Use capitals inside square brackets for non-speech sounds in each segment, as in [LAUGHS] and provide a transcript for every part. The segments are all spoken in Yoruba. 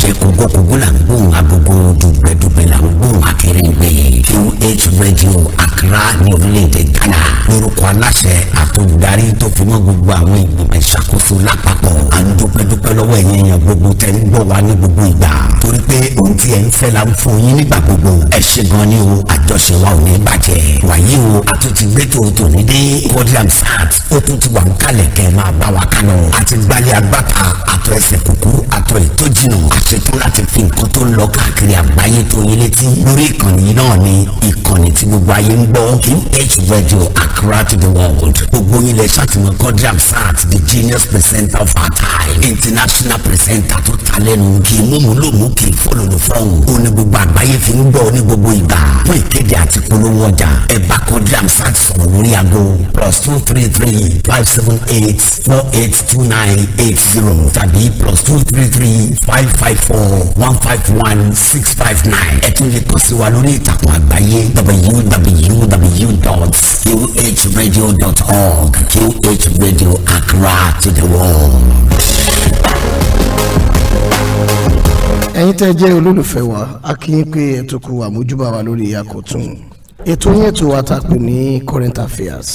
jẹ́ kókó kókó là ń gbóhùn agogo dùn. lórúkọ aláṣẹ àtolùdarí tó fi mọ́ gbogbo àwọn ìgbìmọ̀ ìṣàkóso lápapọ̀ à ń dúpẹ́dúpẹ́ lọ́wọ́ ẹ̀yin èèyàn gbogbo tẹ́ ń gbọ́ wa ní gbogbo ìgbà torí pé ohun tí ẹ̀ ń fẹ́ la ń fún yín nígbà gbogbo ẹ ṣe gan ni o àjọṣe wa ò ní bàjẹ́ wàyí o a tún ti gbé tó tòní dé kodiam sat ó tún ti wà ń kalẹ̀ kẹ́ máa bá wa kánò àti gbalẹ̀ agbáta àtọ̀ ẹsẹ̀ kúkú àtọ̀ ètò jìnnà àṣetán láti fi nǹkan tó ń lọ káàkiri àgbáyé tó yín lórí ìkànnì náà ni ìkànnì tí gbogbo ayé ń gbọ́ kí ń page radio àk Accra to the world. Gbogbo yín lè ṣàtìmọ̀ Quadri Hamzat the genius presenter of our time. International presenter tó ta lẹ́nu kì í múmu lòmú kì í fọ́lùlù fọ́hùn. Ó ní gbogbo àgbáyé fi ń gbọ́ ní gbogbo ìgbà. Fún ìkéde àti polówó ọjà, ẹ bá Quadri Hamzat sọ̀rọ̀ lórí aago plus two three three five seven eight four eight two nine eight zero tàbí plus two three three five five four one five one six five nine. Ẹ tún lè kàn sí wa lórí ìtàkùn àgbáyé www.ua qhradio.org, QHradio Radio Accra to the world. ẹ̀yin tẹ́ jẹ́ olólùfẹ́ wa a kí yín pé ẹ̀ tó kú àmójúbà wa lórí akọ̀tún ètò yẹn tó wa ta pè ní current affairs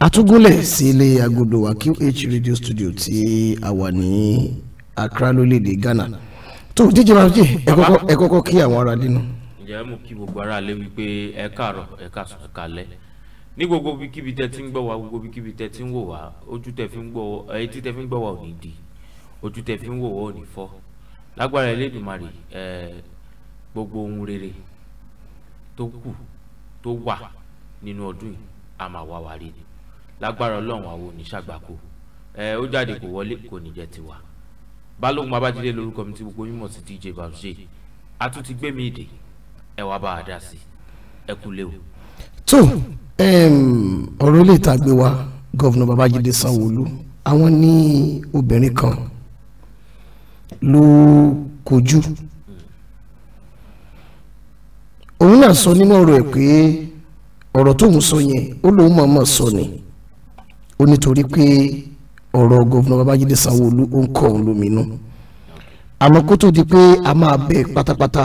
àtúgúnlẹ̀ sí ilé agodo wa QH radio studio tí a wà ní Accra lórílẹ̀‐èdè Ghana tó jíjẹ máa jẹ ẹ kọ́kọ́ kí àwọn ará dínú. ǹjẹ́ mo kí gbogbo ará lé wípé ẹ káàárọ̀ ẹ káàsán ẹ kálẹ́ ní gbogbo bíkíbi tẹ́ ti ń gbọ́ wa gbogbo bíkíbi tẹ́ ti ń wò wá ojú tẹ́ fi ń gbọ́ etí tẹ́ fi ń gbọ́ wa ò ní di ojú tẹ́ fi ń wò wá ò ní fọ́ lágbára Elédùmarè ẹ gbogbo ohun rere tó kù tó wà nínú ọdún yìí a máa wá wa rí ni lágbára Ọlọ́run àwọn oníṣàgbàkọ ẹ ó jáde kò wọlé kò ní jẹ́ tiwa Balógun Babájídé lórúkọ mi tí gbogbo yín sí DJ Babsy a tún ti gbé mi ìdè ẹ wá bá a dá sí ẹ kú lé tó ọ̀rọ̀ ilé ìtàgbé wa gọ́vùnà babájídé sanwóolu àwọn ní obìnrin kan ló kojú òun náà sọ nínú ọ̀rọ̀ ẹ̀ pé ọ̀rọ̀ tóun sọ yẹn ó lóun mọ̀ọ́mọ̀ sọ ni ó nítorí pé ọ̀rọ̀ gọ́vùnà babájídé sanwóolu ó ń kọ́ òun lóminú àmọ́ kó tó di pé a máa bẹ̀ pátápátá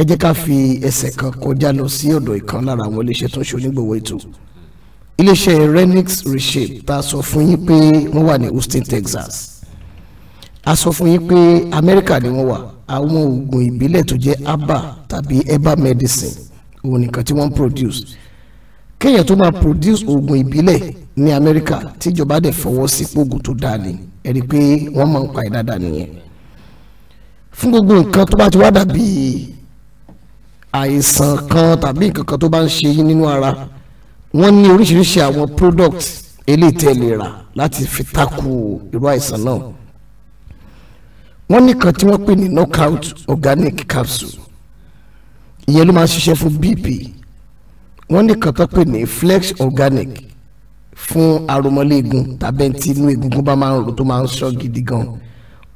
ẹ jẹ́ ká fi ẹsẹ̀ kan kọjá lọ sí ọ̀dọ̀ ìkan lára àwọn iléeṣẹ́ tó ń ṣe onígbòwó ètò iléeṣẹ́ Renix Reshape tá sọ fún yín pé wọ́n wà ní Houston Texas a sọ fún yín pé Amẹ́ríkà ni wọ́n wà àwọn oògùn ìbílẹ̀ tó jẹ́ aba tàbí herbal medicine òun nìkan tí wọ́n ń produce kéèyàn tó máa produce oògùn ìbílẹ̀ ní Amẹ́ríkà tíjọba dẹ̀ fọwọ́ sí oògùn tó dáa ni ẹ rí i pé wọ́n máa ń pa ẹ̀ dáadáa nìyẹn fún gbogbo nǹkan tó bá ti wá dàbí àìsàn kan tàbí nǹkan kan tó bá ń ṣe yín nínú ara wọ́n ní oríṣiríṣi àwọn product eléyìí tẹ́ lè rà láti fi takò irú àìsàn náà wọ́n ní kan tí wọ́n pè ní knockout organic capsule ìyẹn ló máa ṣiṣẹ́ fún bp wọ́n ní kan tó pè ní flex organic fún aromọléegun tàbí ẹni tí inú egungun bá máa ń ro tó máa ń ṣọ́ gidi gan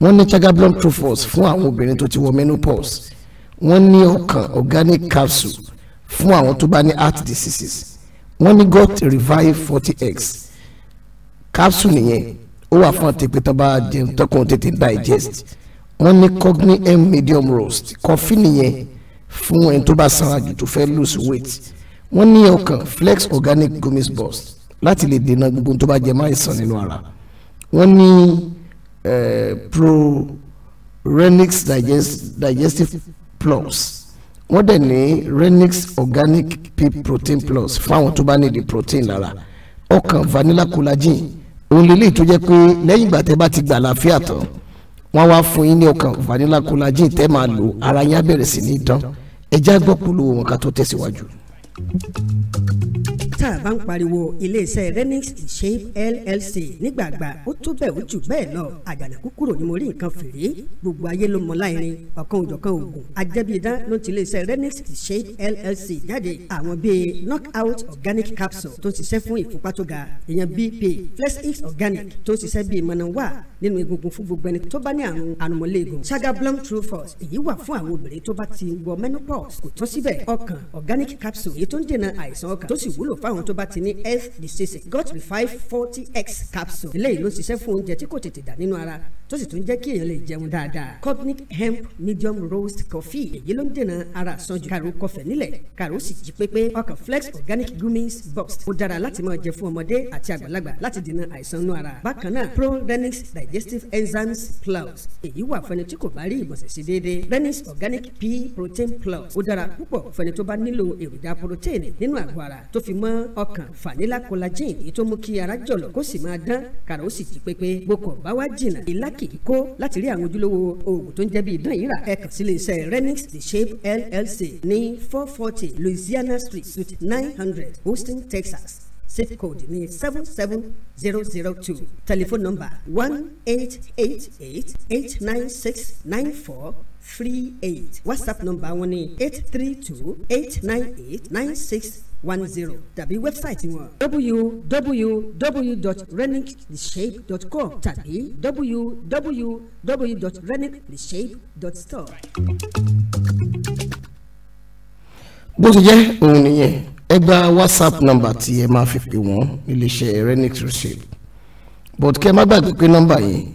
wọ́n ní chagablon trophos fún àwọn obìnrin tó ti wọ menopause wọ́n ní ọkàn organic capsule fún àwọn tó bá ní heart diseases wọ́n ní gut revive forty x capsule nìyẹn ó wà fún àtẹ̀pẹ́ tó bá jẹun tọkùn tètè digest wọ́n ní cogni m medium roast kọfí nìyẹn fún ẹni tó bá sanra jù tó fẹ́ lose weight wọ́n ní ọkàn flex organic gummies burst láti lè dènà gbogbo tó bá jẹ máa ń sàn nínú ara wọ́n ní eh, pro renix digest digestive plus wọ́n dẹ̀ ní renix organic pea protein plus fáwọn tó bá ní di protein lára ọkàn vanilla collagen òun lélẹ́yìí tó jẹ́ pé lẹ́yìn ìgbà tẹ́ bá ti gbà láàfíà tán wọ́n wá fún yín ní ọkàn vanilla collagen tẹ́ máa lò ara yín á bẹ̀rẹ̀ sí ní dán ẹja gbọ́ polówó wọn ká tó tẹ̀síwájú. Si tá a bá ń pariwo iléeṣẹ́ renix shape llc nígbàgbà ó tó bẹ́ẹ̀ ó jù bẹ́ẹ̀ lọ àjànàkú kúrò ní mo rí nǹkan fèrè gbogbo ayé ló mọ láìrin ọ̀kan òjọ̀kan oògùn ajẹ́bíidán ló ti iléeṣẹ́ renix shape llc jáde àwọn bíi knockout organic capsule tó ń ṣiṣẹ́ fún ìfúnpá tó ga èèyàn bp flexix organic tó ń ṣiṣẹ́ bíi mọ̀nàwá nínú egungun fún gbogbo ẹni tó bá ní àrùn àrùnmọ́lẹ́gùn saga blum true force èyí wà fún àwọn obìnrin tó bá ti wọ menopause kò tán síbẹ̀ ọkàn organic capsule èyí tó ń dènà àìsàn ọkàn tó sì wúlò fáwọn tó bá ti ní health Got the five forty x capsule eléyìí ló ń ṣiṣẹ́ fún oúnjẹ tí kò tètè dà nínú ara tó sì tún jẹ́ kí èèyàn lè jẹun dáadáa cognic hemp medium roast coffee èyí ló ń dènà ara àsanjù kàrò kọfẹ nílẹ̀ kàrò sì jí pépé ọkàn flex organic gummies box ó dára láti máa jẹ fún ọmọdé àti àgbàlagbà láti dènà àìsàn inú ara bákan náà pro renix digestive enzymes plus èyí wà fún ẹni tí kò bá rí ìgbọ̀nsẹ̀ sí déédéé renix organic pea protein plus ó dára púpọ̀ fún ẹni tó bá nílò èròjà protein nínú àgọ́ ara tó fi mọ́ ọkàn fanila collagen èyí tó mú kí ara jọ̀lọ̀ kó sì máa dán kàrò sì jí pépé gbogbo bá wá jìnnà ìlà lákì kíkó láti rí àwọn ojúlówó oògùn tó ń jẹ́ bí idán yìí rà ẹ kàn sí iléeṣẹ́ The Shape LLC ní four forty Louisiana Street suite nine hundred Houston Texas zip code ní seven seven zero zero two telephone number one eight eight eight eight nine six nine four three eight whatsapp number wọn ni eight three two eight nine eight nine six one zero tàbí wẹ́bsáìtì wọn www.renictheshape.com tàbí www.renictheshape.store. bó ti jẹ́ òun nìyẹn ẹ gba whatsapp nọ́mbà tí ẹ máa fi pè wọ́n níléeṣẹ́ renic reshape but kẹ́ ẹ má gbàgbé pé nọ́mbà yìí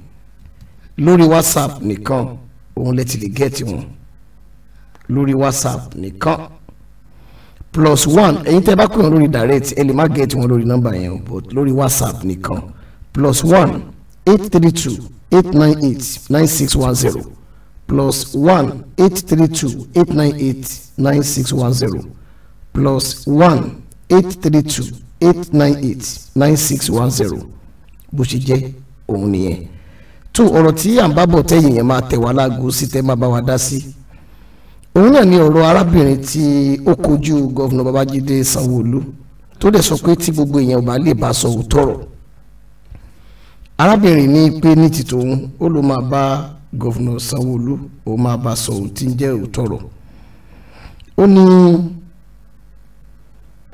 lórí whatsapp nìkan òun lẹ ti lè gẹ́ẹ̀tì wọn lórí whatsapp nìkan plus one ẹ̀yin tẹ́ bá pè wọ́n lórí direct ẹ lè má get wọn lórí nọ́mbà yẹn o but lórí whatsapp nìkan plus one eight three two eight nine eight nine six one zero plus one eight three two eight nine eight nine six one zero plus one eight three two eight nine eight nine six one zero bó ṣe jẹ́ òun nìyẹn tó ọ̀rọ̀ tí à ń bá bọ̀ tẹ́yìn yẹn máa tẹ̀ wá láago sí tẹ́ máa bá wa dá sí. Si òun náà ni ọ̀rọ̀ arábìnrin tí ó kojú gọ́vùnà babájídé sanwóolu tó dẹ̀ sọ pé tí gbogbo èèyàn ò bá lè bá sọ òótọ́ rọ̀ arábìnrin ní pé ní ti tòun ó ló máa bá gọ́vùnà sanwóolu ó máa bá sọ òun tí ń jẹ́ òótọ́ rọ̀ ó ní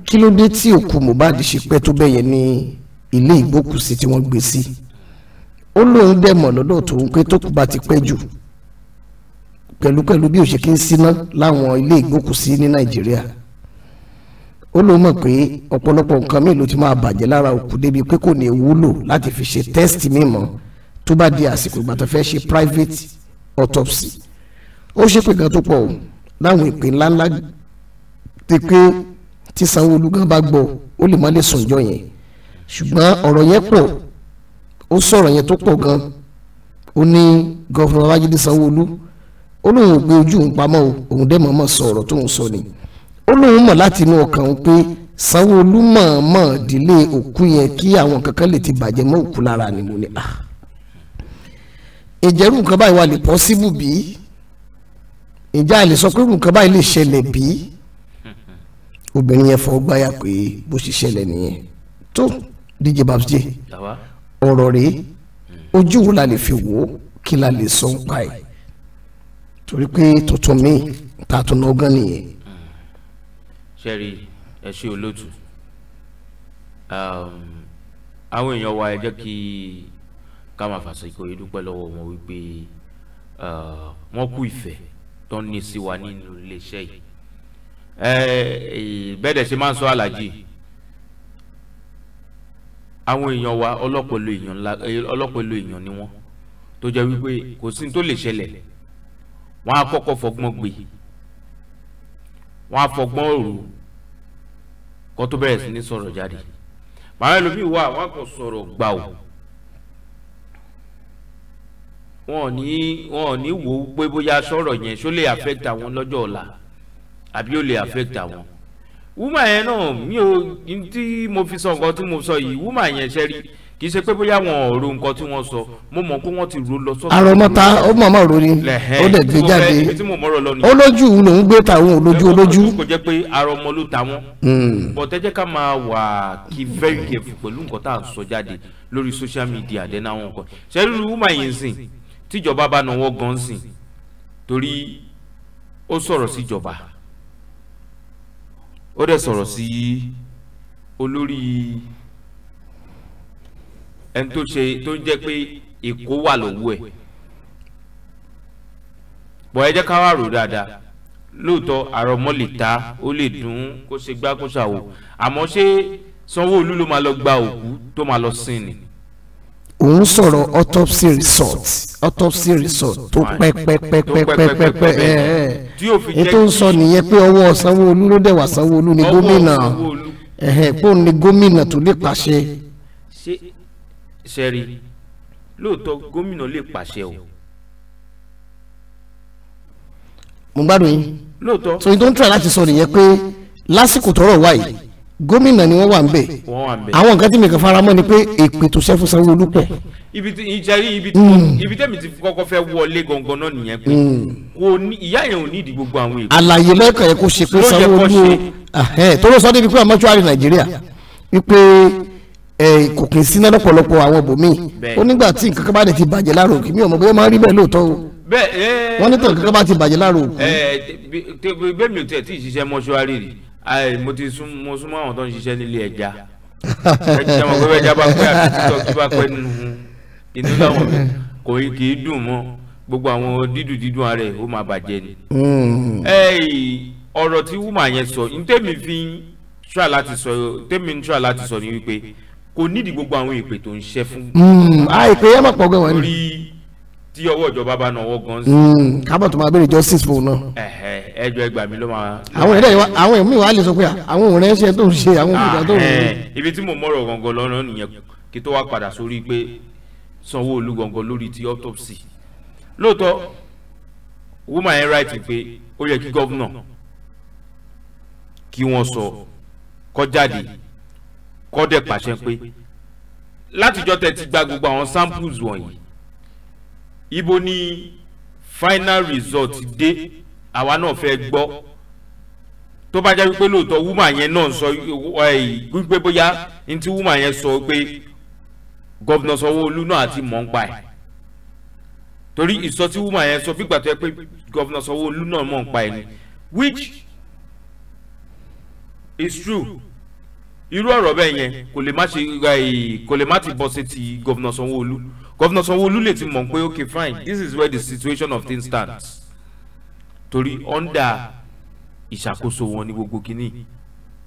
kí ló dé tí òkú mohbad ṣe pẹ́ tó bẹ́yẹn ní ilé ìgbókùsí tí wọ́n gbé sí ó lóun dẹ̀ mọ̀ lọ́dọ̀ tòun pé tó kù bá ti pẹ́ jù pẹ̀lúpẹ̀lú bí òṣè kí ń síná láwọn ilé ìgbókùsí ní nàìjíríà ó ló mọ̀ pé ọ̀pọ̀lọpọ̀ nǹkan míì ló ti máa bàjẹ́ lára òkú débi pé kò ní wúlò láti fi ṣe tẹ́sítì mímọ́ tó bá di àsìkò ìgbà tó fẹ́ ṣe private autopsy ó ṣépè gan tó pọ̀ láwọn ìpín ńláńlá ti pé tí sanwó-olu gan bá gbọ́ ó lè má lè sùn jọ yẹn ṣùgbọ́n ọ̀rọ̀ yẹn pọ̀ ó sọ̀rọ̀ yẹn tó pọ̀ gan ó ní gọ́fúnà babájídé sanwó-olu ó lóun ò gbé ojú òun pamọ́ o òun dẹ́ mọ̀ọ́mọ̀ sọ ọ̀rọ̀ tóun sọ ni ó lóun mọ̀ láti inú ọkàn òun pé Sanwó-Olú mọ̀ọ́mọ̀ dílé òkú yẹn kí àwọn kankan lè ti bàjẹ́ mọ́ òkú lára ni mo ní à ah. ìjẹ́rù nǹkan báyìí wà lè pọ́síbù bí ìjà lè sọ pé nǹkan báyìí lè ṣẹlẹ̀ bí obìnrin yẹn fọ́ gbáyà pé bó ṣe ṣẹlẹ̀ nìyẹn tó DJ Babs ọ̀rọ̀ rèé ojú wo la lè fi wò kí la lè sọ ń pa ẹ̀ torí pé tuntun mi ta tún náà gan nìyẹn. sẹ́rí ẹ ṣe olóòtú um, àwọn èèyàn wa ẹ jẹ́ kí ká máa fàṣekò yìí dúpẹ́ lọ́wọ́ wọn wípé uh, wọ́n kú ìfẹ́ tó ń ní sí wa nínú iléeṣẹ́ yìí bẹ́ẹ̀ dẹ̀ ṣe máa ń sọ àlàjì àwọn èèyàn wa ọlọ́pọ̀lọ́ èèyàn ni wọ́n tó jẹ́ wípé kò sí ní tó lè ṣẹlẹ̀ wọ́n á kọ́kọ́ fọgbọ́n gbé wọ́n á fọgbọ́n òru kó tó bẹ̀rẹ̀ sí ní sọ̀rọ̀ jáde màá ẹlòmíì wà wọ́n kò sọ̀rọ̀ gbà o wọn ò ní wọn ò ní wò ó pé bóyá sọ̀rọ̀ yẹn ṣó lè affect àwọn lọ́jọ́ ọ̀la àbí ó lè affect àwọn wúmà yẹn náà mi ò tí mo fi sọ nǹkan tí mo sọ yìí wúmà yẹn ṣẹ́rí kì í ṣe pé bóyá wọn ò ro nǹkan tí wọ́n sọ mo mọ̀ pé wọ́n ti ro lọ sọ́tọ̀. àròmọta ó mọ̀mọ́ ro ni ó dẹ̀ gbé jáde ó lòún gbé tàwọn olójú olójú. kò jẹ́ pé àròmọ ló ta wọ́n. Hmm. bọ̀tẹ́ ká máa wà kí very careful pẹ̀lú nǹkan tá à sọ jáde lórí social media dẹ́nà àwọn nǹkan. sẹ́rí lu wúmà yìí ń sìn tíjọba bá nà wọ́n gan sìn torí ó sọ̀rọ̀ síjọba ó dẹ̀ sọ̀rọ̀ sí olórí ẹni tó ṣe tó jẹ́ pé ìkó wà lọ́wọ́ ẹ̀ bọ̀ ẹ jẹ́ ká wá rò dáadáa lóòótọ́ àrọ̀mọ́ lè ta ó lè dùn kó ṣe gbá kó ṣàwò àmọ́ ṣé Sanwó-Olú ló máa lọ gba òkú tó máa lọ sin ni. òun sọ̀rọ̀ autopsy result autopsy result tó pẹ́ pẹ́ pẹ́ pẹ́ pẹ́ pẹ́ pẹ́ ẹ̀ ètò ń sọ nìyẹn pé ọwọ́ Sanwó-Olú ló dẹ̀ wá Sanwó-Olú ni gómìnà ẹ̀hẹ̀ eh, eh, pé òun gómìnà tó lè pàṣẹ sẹ́rí lóòótọ́ gómìnà lè pàṣẹ o. mo gbádùn yín lóòótọ́ so yín tó ń tura láti sọ nìyẹn pé lásìkò tọrọ wà yìí gómìnà ni wọ́n wà ń bẹ̀ àwọn nǹkan tí mi kàn fara mọ́ ni pé èpè tó ṣẹ́ fún Sanwó-Olú pọ̀. ibi tí ìjẹ́rí ibi tẹ́mi hmm. ti kọ́kọ́ fẹ́ wọlé gangan náà nìyẹn pé hmm. ìyá yẹn ò ní ìdí gbogbo àwọn èèyàn. àlàyé lẹ́kàn yẹn kò ṣe pé Sanwó-Olú tó ló sọ débi pé àmọ́ṣúárì Nàìjíríà wípé ẹ kò kì í síná lọ́pọ̀lọpọ̀ àwọn ibòmíì ó nígbà tí nǹkan kan bá ti bàjẹ́ láàrò kí mi ò mọ̀ bóyá máa rí bẹ́ẹ̀ lóòótọ́ o wọ́n ní tàn kankan bá ti bàjẹ́ láàrò òkú. bẹ́ẹ̀ mi ò tẹ̀ tí ì ṣiṣẹ́ mọ́ṣúárì rí mo ti súnmọ́ àwọn tó ń ṣiṣẹ́ nílé ẹja ẹja mọ̀ pé ẹja bá pẹ́ àtúntò tó bá pẹ́ nínú inú láwọn kò kì í dùn mọ́ gbogbo àwọn dídùn dídùn ara ẹ̀ ó máa bàjẹ́ ni. Hmm. ọ̀rọ̀ tí wúmà yẹn sọ ntẹ́mi fi ń ṣọ́ àláti sọ ni wípé kò nídìí gbogbo àwọn ìpè tó ń ṣe fún. a hmm, ìpè yẹn mọ̀ pọ̀ gan wọ́n ni. torí tí ọwọ́ ìjọba bá náwó gan sí. Hmm, kábọ̀ tó máa béèrè justice fún un náà. ẹjọ́ ẹgbà mi ló máa. àwọn ẹ̀rẹ́ àwọn ẹ̀mí wa lè sọ pé àwọn òun rẹ̀ ṣe tó ń ṣe àwọn òun tó ń ṣe. Ah, ibi tí mo mọ̀rọ̀ gangan lọ́nà nìyẹn kí tó wá padà sórí pé Sanwó-Olú gangan lórí ti autopsy lóòótọ́ woman ẹ̀ right pé ó yẹ kí gọ́vnà kí wọ́n sọ kó jáde kọ́dẹ̀ pàṣẹ pé látijọ́ tẹ́ ti gba gbogbo àwọn samples wọ̀nyí ibo ni final result dé àwa náà fẹ́ gbọ́ tó bá jẹ́ wípé lóòótọ́ wúmà yẹn náà sọ wípé bóyá ní tí wúmà yẹn sọ pé gọ́vnà Sanwó-Olú náà àti mọ̀ ń pa ẹ̀ torí ìsọtí wúmà yẹn sọ fígbà tó yẹ pé gọ́vnà Sanwó-Olú náà mọ̀ ń pa ẹ̀ ni which is true irú ọ̀rọ̀ bẹ́ẹ̀ yẹn kò lè má ṣe eh, kò lè má ti bọ́ sí ti gọ́vnà sanwó-olú gọ́vnà sanwó-olú lè ti mọ̀ pé okay fine this is where the situation of things stands torí under ìṣàkóso wọn ní gbogbo kínní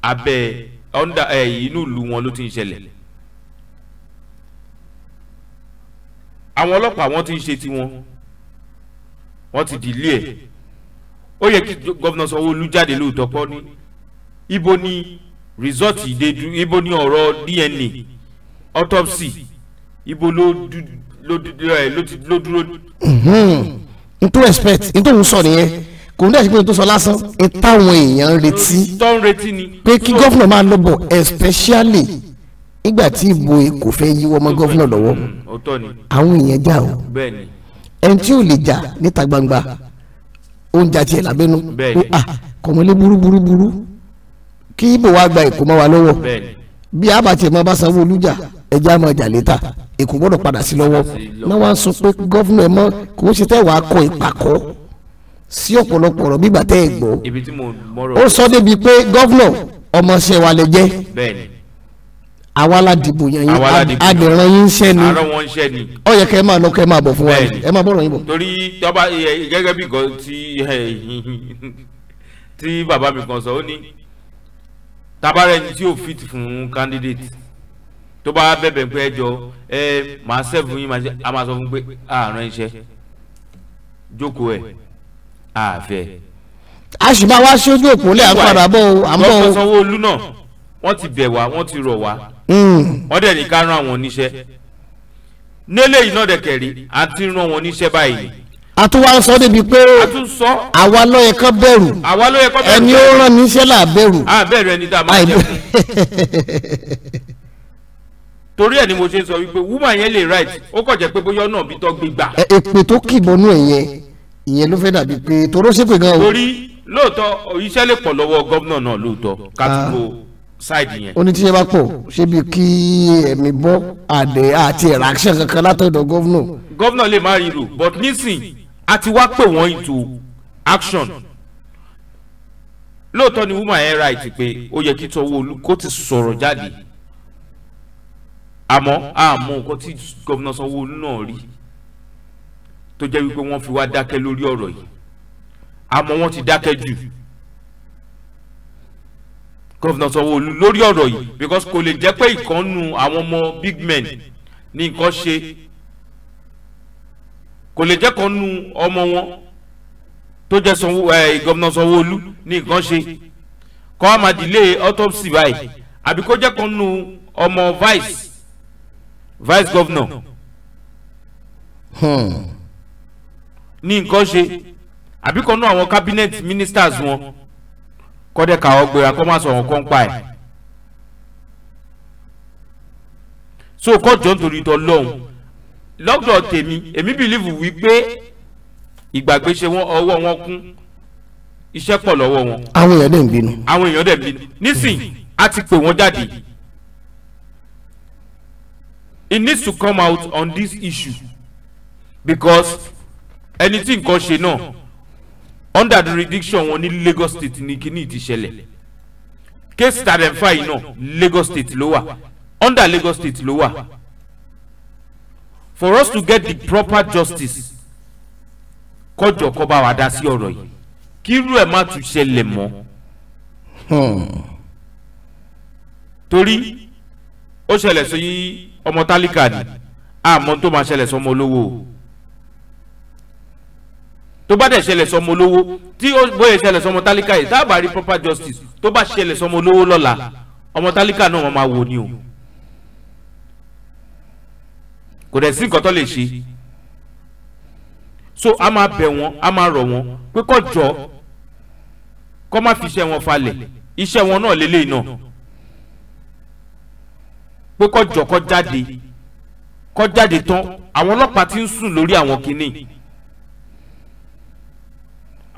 abẹ́ under eh, inú ìlú wọn ló ti ń ṣẹlẹ̀ àwọn ọlọ́pàá wọn ti ń ṣe tiwọn wọn ti dìlé ẹ̀ ó yẹ kí gọ́vnà sanwó-olú jáde lóòótọ́ pọ́ ní ibo ni result ìdèdú ibo ní ọ̀rọ̀ dna autopsy ibo ló eh, dúró. n tó respect n tó ń sọ nìyẹn kò ń dẹ̀ ṣe pé n tó sọ lásán n táwọn èèyàn ń retí pé kí gọ́fúnà máa lọ bọ̀ especially nígbà tí ìbò kò fẹ́ yíwọ́ mọ́ gọ́fúnà lọ́wọ́ mm, àwọn èèyàn jà o ẹni tí ò lè jà níta gbangba ó ń jà tiẹ̀ lábẹ́nu ah, kọ̀mọ́lé burúburú burú. burú, burú kí ibo wa gba èkó mọ́ wa lọ́wọ́ bí a bá tiẹ̀ mọ́ bá sanwó olújà ẹja mọ́ ọjà létà èkó gbọ́dọ̀ padà sí lọ́wọ́ náà wá sọ pé gọ́fúnà ẹ̀ mọ́ kò ń ṣe wàá kọ ìpàkọ́ sí ọ̀pọ̀lọpọ̀ ọ̀rọ̀ bígbà tẹ́ ẹ̀ gbọ́ ó sọ débi pé gọ́fúnà ọmọọṣẹ́ wa lè jẹ́ àwa la dìbò yẹn yín adìran yín ṣẹ́ ni ó yẹ kẹ́ ẹ máa lọ kẹ́ ẹ máa bọ̀ fún wa ẹ máa bọ̀rọ̀ yín bọ̀. torí tọ́ba gẹ́gẹ́ bí nǹkan [LAUGHS] tí bàbá mi kan sọ ó ní tabarẹ ẹni tí yóò fit fún candidate tó bá bẹ̀bẹ̀ pé ẹjọ́ ẹ màá sẹ́fù yín a máa sọ fún pé àárọ̀ iṣẹ́ jókòó ẹ̀ àfẹ́. a sì máa wá sí ojú òpó lẹ́yìn àpàdà bọ́ ọ à ń bọ̀ ọ. dókítà Sanwó-Olú náà wọ́n ti bẹ̀ wá wọ́n ti rọ̀ wá hmm. wọ́n dẹ̀ ní ká rán àwọn oníṣẹ́ nílé yìí náà dẹ̀ kẹ̀rí àti rán wọn oníṣẹ́ báyìí a tún wá sọ débi pé àwa ló yẹ kán bẹ̀rù ẹni ó rán mi iṣẹ́ là bẹ̀rù. a bẹ̀rù ẹni tá a máa torí ẹ ni mo ṣe sọ wípé woman yẹn lè right ó kọ̀ jẹ́ pé bóyá ọ̀nà bí tó gbé gbà. èpè tó kì bọnú ẹ yẹn ìyẹn ló fẹ́ dàbí pé toró ṣépè gan torí lóòótọ́ iṣẹ́ lè pọ̀ lọ́wọ́ gómìnà náà lóòótọ́ ká tún ah. wo ṣáìdì yẹn. ó ní tíṣe bá pọ̀ ṣébi kí ẹ̀mí bọ́ àdé àti ẹ̀rọ kankan látọ̀dọ̀ gómìnà. gómìnà lè má rí rò but nísìnyí a ti wá pè wọ́n into action lóòótọ́ ni woman air right pé ó yẹ kí Sanwó-Olú kó ti sọ̀rọ̀ jáde àmọ́ àmọ́ nǹkan tí gómìnà Sanwó-Olú náà rí tó jẹ́ wípé wọ́n fi wá dákẹ́ lórí ọ̀rọ̀ yìí àmọ́ wọ́n ti dákẹ́ jù gómìnà Sanwó-Olú lórí ọ̀rọ̀ yìí because kò lè jẹ́ pé ìkànnù àwọn ọmọ big men ní nǹkan ṣe kò lè jẹ́ kan nu ọmọ wọn tó jẹ́ sanwó ẹ gọ́mìnà sanwó-olú ní nǹkan ṣe kọ́ ọ́ autopsy báyìí àbí kó jẹ́ kan nu ọmọ vice vice governor hmm. ní nǹkan ṣe àbí kan nu àwọn cabinet ministers wọn kọ́dẹ̀ káwọ́ gbéra kọ́ máa sọ̀rọ̀ kọ́ ń pa ẹ̀ so kọ́ jọ́ nítorí tọ́ lọ́hùn lọ́dọ̀ tèmi èmi bìlíìfù wípé ìgbàgbé ṣe wọ́n ọwọ́ wọn kún iṣẹ́ pọ̀ lọ́wọ́ wọn. àwọn èèyàn dẹ̀ ń bínú. àwọn èèyàn dẹ̀ ń bínú nísìn a ti pè wọ́n jáde it needs to come out on this issue because ẹni tí nǹkan ṣe náà under the jurisdiction wọn ní Lagos state ní kíní ti ṣẹlẹ̀ case tàdẹ̀fà yìí náà Lagos state ló wà under Lagos state ló wà for us to get the proper justice kọjọ kó bá wa dá sí ọ̀rọ̀ yìí kí irú ẹ̀ má tún ṣẹlẹ̀ mọ́. torí ó ṣẹlẹ̀ sí ọmọ tálíkà ni àmọ́ tó máa ṣẹlẹ̀ sọmọ olówó tó bá dẹ̀ ṣẹlẹ̀ sọmọ olówó tí bóyá ṣẹlẹ̀ sọmọ tálíkà yìí tá a bá rí proper justice tó bá ṣẹlẹ̀ sọmọ olówó lọ́la ọmọ tálíkà náà wọ́n máa wò ni o kò dẹ̀ sí nǹkan tó lè ṣe so a máa bẹ̀ wọ́n a máa rọ̀ wọ́n pé kó jọ kó má fi iṣẹ́ wọn falẹ̀ iṣẹ́ wọn náà lélẹ́yìn náà pé kó jọ kó jáde kó jáde tán àwọn ọlọ́pàá ti ń sùn lórí àwọn kinní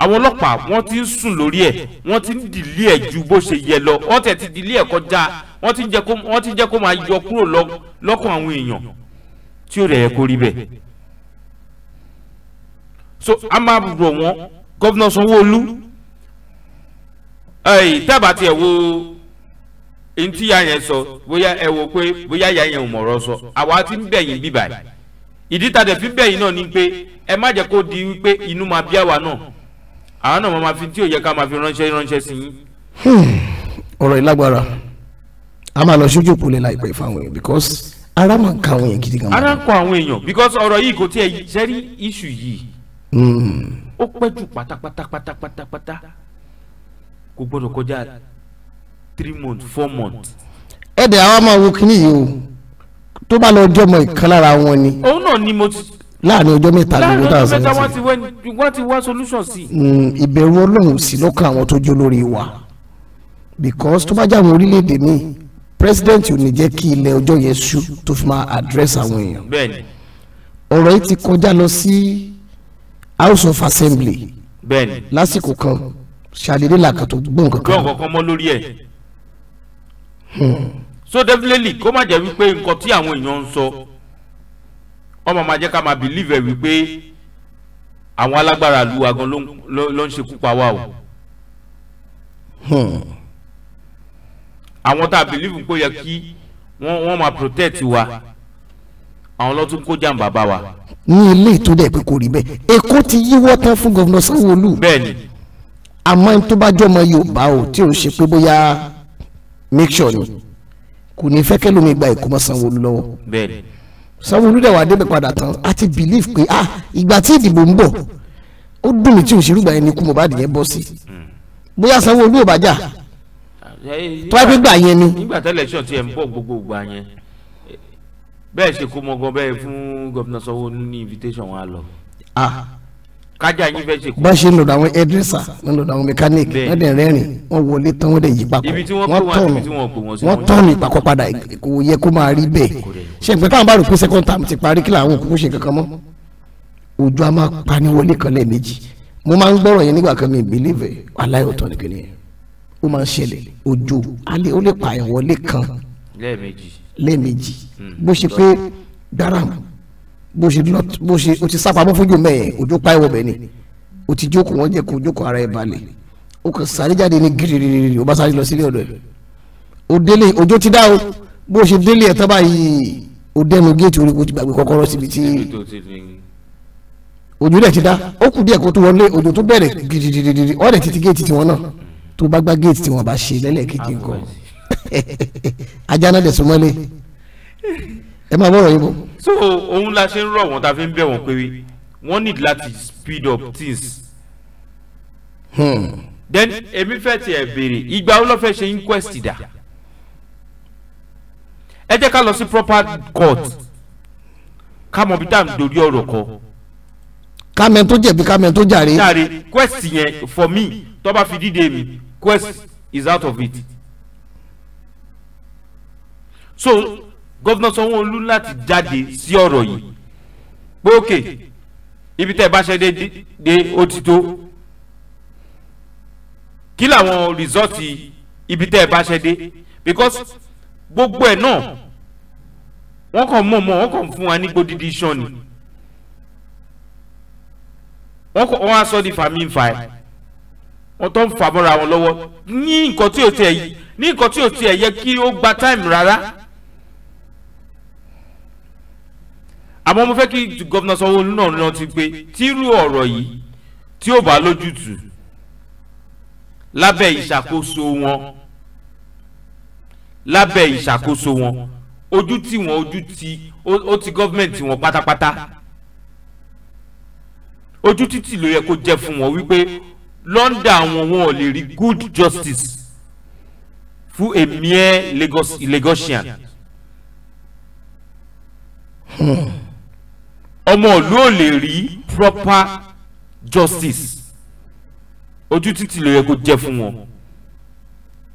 àwọn ọlọ́pàá wọ́n ti ń sùn lórí ẹ̀ wọ́n ti ń dìlé ẹ̀ ju bó ṣe yẹ lọ wọ́n tẹ̀ ti dìlé ẹ̀ kọjá wọ́n ti jẹ́ kó máa yọ kúrò lọ́kàn àwọn èèyàn tí ó rẹ̀ yẹ kó rí bẹ́ẹ̀ so a máa rọ̀ wọ́n gọ́vnà Sanwó-Olú ẹ̀yìn tábà tiẹ̀ wo ntí ya yẹn sọ bóyá ẹ wò pé bóyá ya yẹn ò mọ̀rọ̀ sọ àwa ti ń bẹ̀yìn bíbà ìdí ta dẹ̀ fi bẹ̀yìn náà ni pé ẹ má jẹ́ kó di wípé inú máa bí àwa náà àwa náà máa fi tí ò yẹ ká máa fi ránṣẹ́ ránṣẹ́ sí yín. Hmm, ọ̀rọ̀ ìlágbára a máa lọ sójú òpó lẹ́la ìpè fáwọn èèyàn because ara máa ń ka àwọn èèyàn gidi gan. ara ń kọ àwọn èèyàn because ọ̀rọ̀ yìí kò tiẹ̀ sẹ́rí issue yìí hmm. ó pẹ́ jù pátápátá pátápátá pátá kò gbọ́dọ̀ kọjá three months four months. ẹ dẹ̀ àwa máa wo kíní yìí o tó bá lọ jọmọ ìkan lára wọn ni. òun náà ni mo ti. láàrin ọjọ́ mẹ́ta ló dá sẹ́yìn sí. láàrin ọjọ́ mẹ́ta wọ́n ti wá solution sí. Hmm, ìbẹ̀rù ọlọ́run sí lọ́kàn àwọn tó jó lórí wa because tó bá jáwọn orílẹ̀-èdè míì president ò ní jẹ́ kí ilẹ̀ ọjọ́ yẹn ṣú tó fi máa address àwọn èèyàn ọ̀rọ̀ yìí ti kọjá lọ sí house of assembly lásìkò kan ṣàdédé làkàn tó gbọ́n kankan. gbọ́n kankan mọ́ lórí ẹ̀ so definitely kó má jẹ́ wípé nǹkan tí àwọn èèyàn ń sọ wọ́n máa ma jẹ́ ká máa believe ẹ̀ wípé àwọn alágbára lu agan ló ń ṣekú pa wá o. Hmm àwọn tá a believe pé yẹ kí wọ́n wọ́n máa protect wa àwọn lọ́tún kó jàǹbá bá wa. ní ilé ìtúndẹ̀ pé kò rí bẹ́ẹ̀ èkó ti yíwọ́ tán fún gọ́vnà sanwó-olú. bẹ́ẹ̀ni. àmọ́ tó bá jọmọ yorùbá o tí ò ṣe pé bóyá make sure ni kò ní fẹ́ kẹ́lómi gba èkó mọ́ sanwó-olú lọ́wọ́. bẹ́ẹ̀ni. sanwó-olú dẹ̀ wà débẹ̀ padà tán a ti believe pé ah ìgbà tí ìdìbò ń bọ̀ ó dùn mí tí òṣèlú gbà yẹn ni ikú Mohbad yẹn bọ́ sí. Hmm. bóyá sanwó-olú ò bá jà tọ́wọ́pẹ́ gbà yẹn ni. nígbà tí election tiẹ̀ ń bọ̀ gbogbo gbà yẹn bẹ́ẹ̀ ṣe kó mọ́gàn bẹ́ẹ̀ fún gọ́fìnà Sanwó-Olú ní invitation wa lọ. Ah. kájà yín fẹ́ ṣe kó. bá ṣe ń lòdà àwọn hairdresser ń lòdà àwọn mechanic wọ́n dẹ̀ rẹ́rìn wọ́n wọlé tán wọ́n dẹ̀ yí papọ̀ wọ́n tọ̀nù ìpàkọ́ padà kò yẹ kó máa rí bẹ́ẹ̀ ṣe pé káwọn bá rò pé second term ti parí kí làwọn òkú ṣe kankan mọ́ ojú a máa paniwọlé kan lẹ́ẹ̀mejì mo máa ń gbọ́rọ̀ yẹn nígbà kan mi believe aláìwọ̀tọ̀ nìkan nìyẹn ó máa ń ṣẹlẹ̀ òjò ó lè pààyàn wọlé kan lẹ́ẹ̀mejì lẹ́ẹ̀mejì hmm. bó ṣe pé garam bó ṣe lọ bó ṣe o ti sá pamọ́ fún jòmọ́ ẹ̀ òjò pa ẹ̀wọ̀ bẹ́ẹ̀ ni o ti jókòó wọ́n jẹ́ kó jókòó ara ẹ̀ balẹ̀ o kò sáré jáde ní gírígírí o bá sáré lọ sílé ọ̀dọ̀ ẹ̀ o délé òjò ti dá o bó ṣe délé ẹ̀ tábà yìí o dẹnu géètì orí kò ti gbàgbé kọ́kọ́rọ́ síbi tí òjò dẹ̀ ti dá ó kù díẹ̀ kó tó wọlé òjò tó bẹ̀rẹ̀ gírígírí ọ̀rẹ́ ti géètì tiwọn náà tó bá gbá géètì tí wọ́n bá ṣe lẹ́lẹ́kejì nǹkan ajá náà dẹ̀ súnmọ́lé ẹ máa bọ̀rọ̀ yín bọ̀. so ohun la ṣe ń rọ̀ wọ́n ta fi ń bẹ̀ wọ́n pé wọ́n need láti speed up things. Hmm. then èmi fẹ́ tiẹ̀ béèrè ìgbà wo ló fẹ́ ṣe inquest dà ẹ jẹ́ ká lọ sí proper court ká mọ̀ bí táwọn dorí ọ̀rọ̀ kọ. kámẹ́ tó jẹ̀bi kámẹ́ tó jàre. jàre quest yẹn for me tó bá fi dídé mi quest is out of it so gọ́vnà sanwó-olu láti jáde sí ọ̀rọ̀ yìí pé òkè ibi tẹ́ ẹ bá ṣe dé ó kí làwọn rìsọ́ọ̀tì ibi tẹ́ ẹ dé because gbogbo ẹ̀ náà wọ́n kàn mọ̀ mọ̀ wọ́n kàn fún wa ní gbódìdí iṣan ni wọ́n á sọ di fàmí ń fa wọn tó ń fà mọ́ra wọn lọ́wọ́ ní nǹkan tí ò tiẹ̀ yìí ní nǹkan tí ò tiẹ̀ yẹ kí ó gba time rárá. àmọ́ mo fẹ́ kí gọ́vnà Sanwó-Olú náà rántí pé tírú ọ̀rọ̀ yìí tí ò bá lójútùú lábẹ́ ìṣàkóso wọn lábẹ́ ìṣàkóso wọn ojú tí wọn ojú tí ó ti gọ́fìmẹ̀ntì wọn pátápátá ojú títì ló yẹ kó jẹ́ fún wọn wípé lọ́ndà àwọn wọn ò lè rí good justice fún a mere Lagos Lagosian. ọmọ ìlú ò lè rí proper justice ojú títì lè yẹ kó jẹ́ fún wọn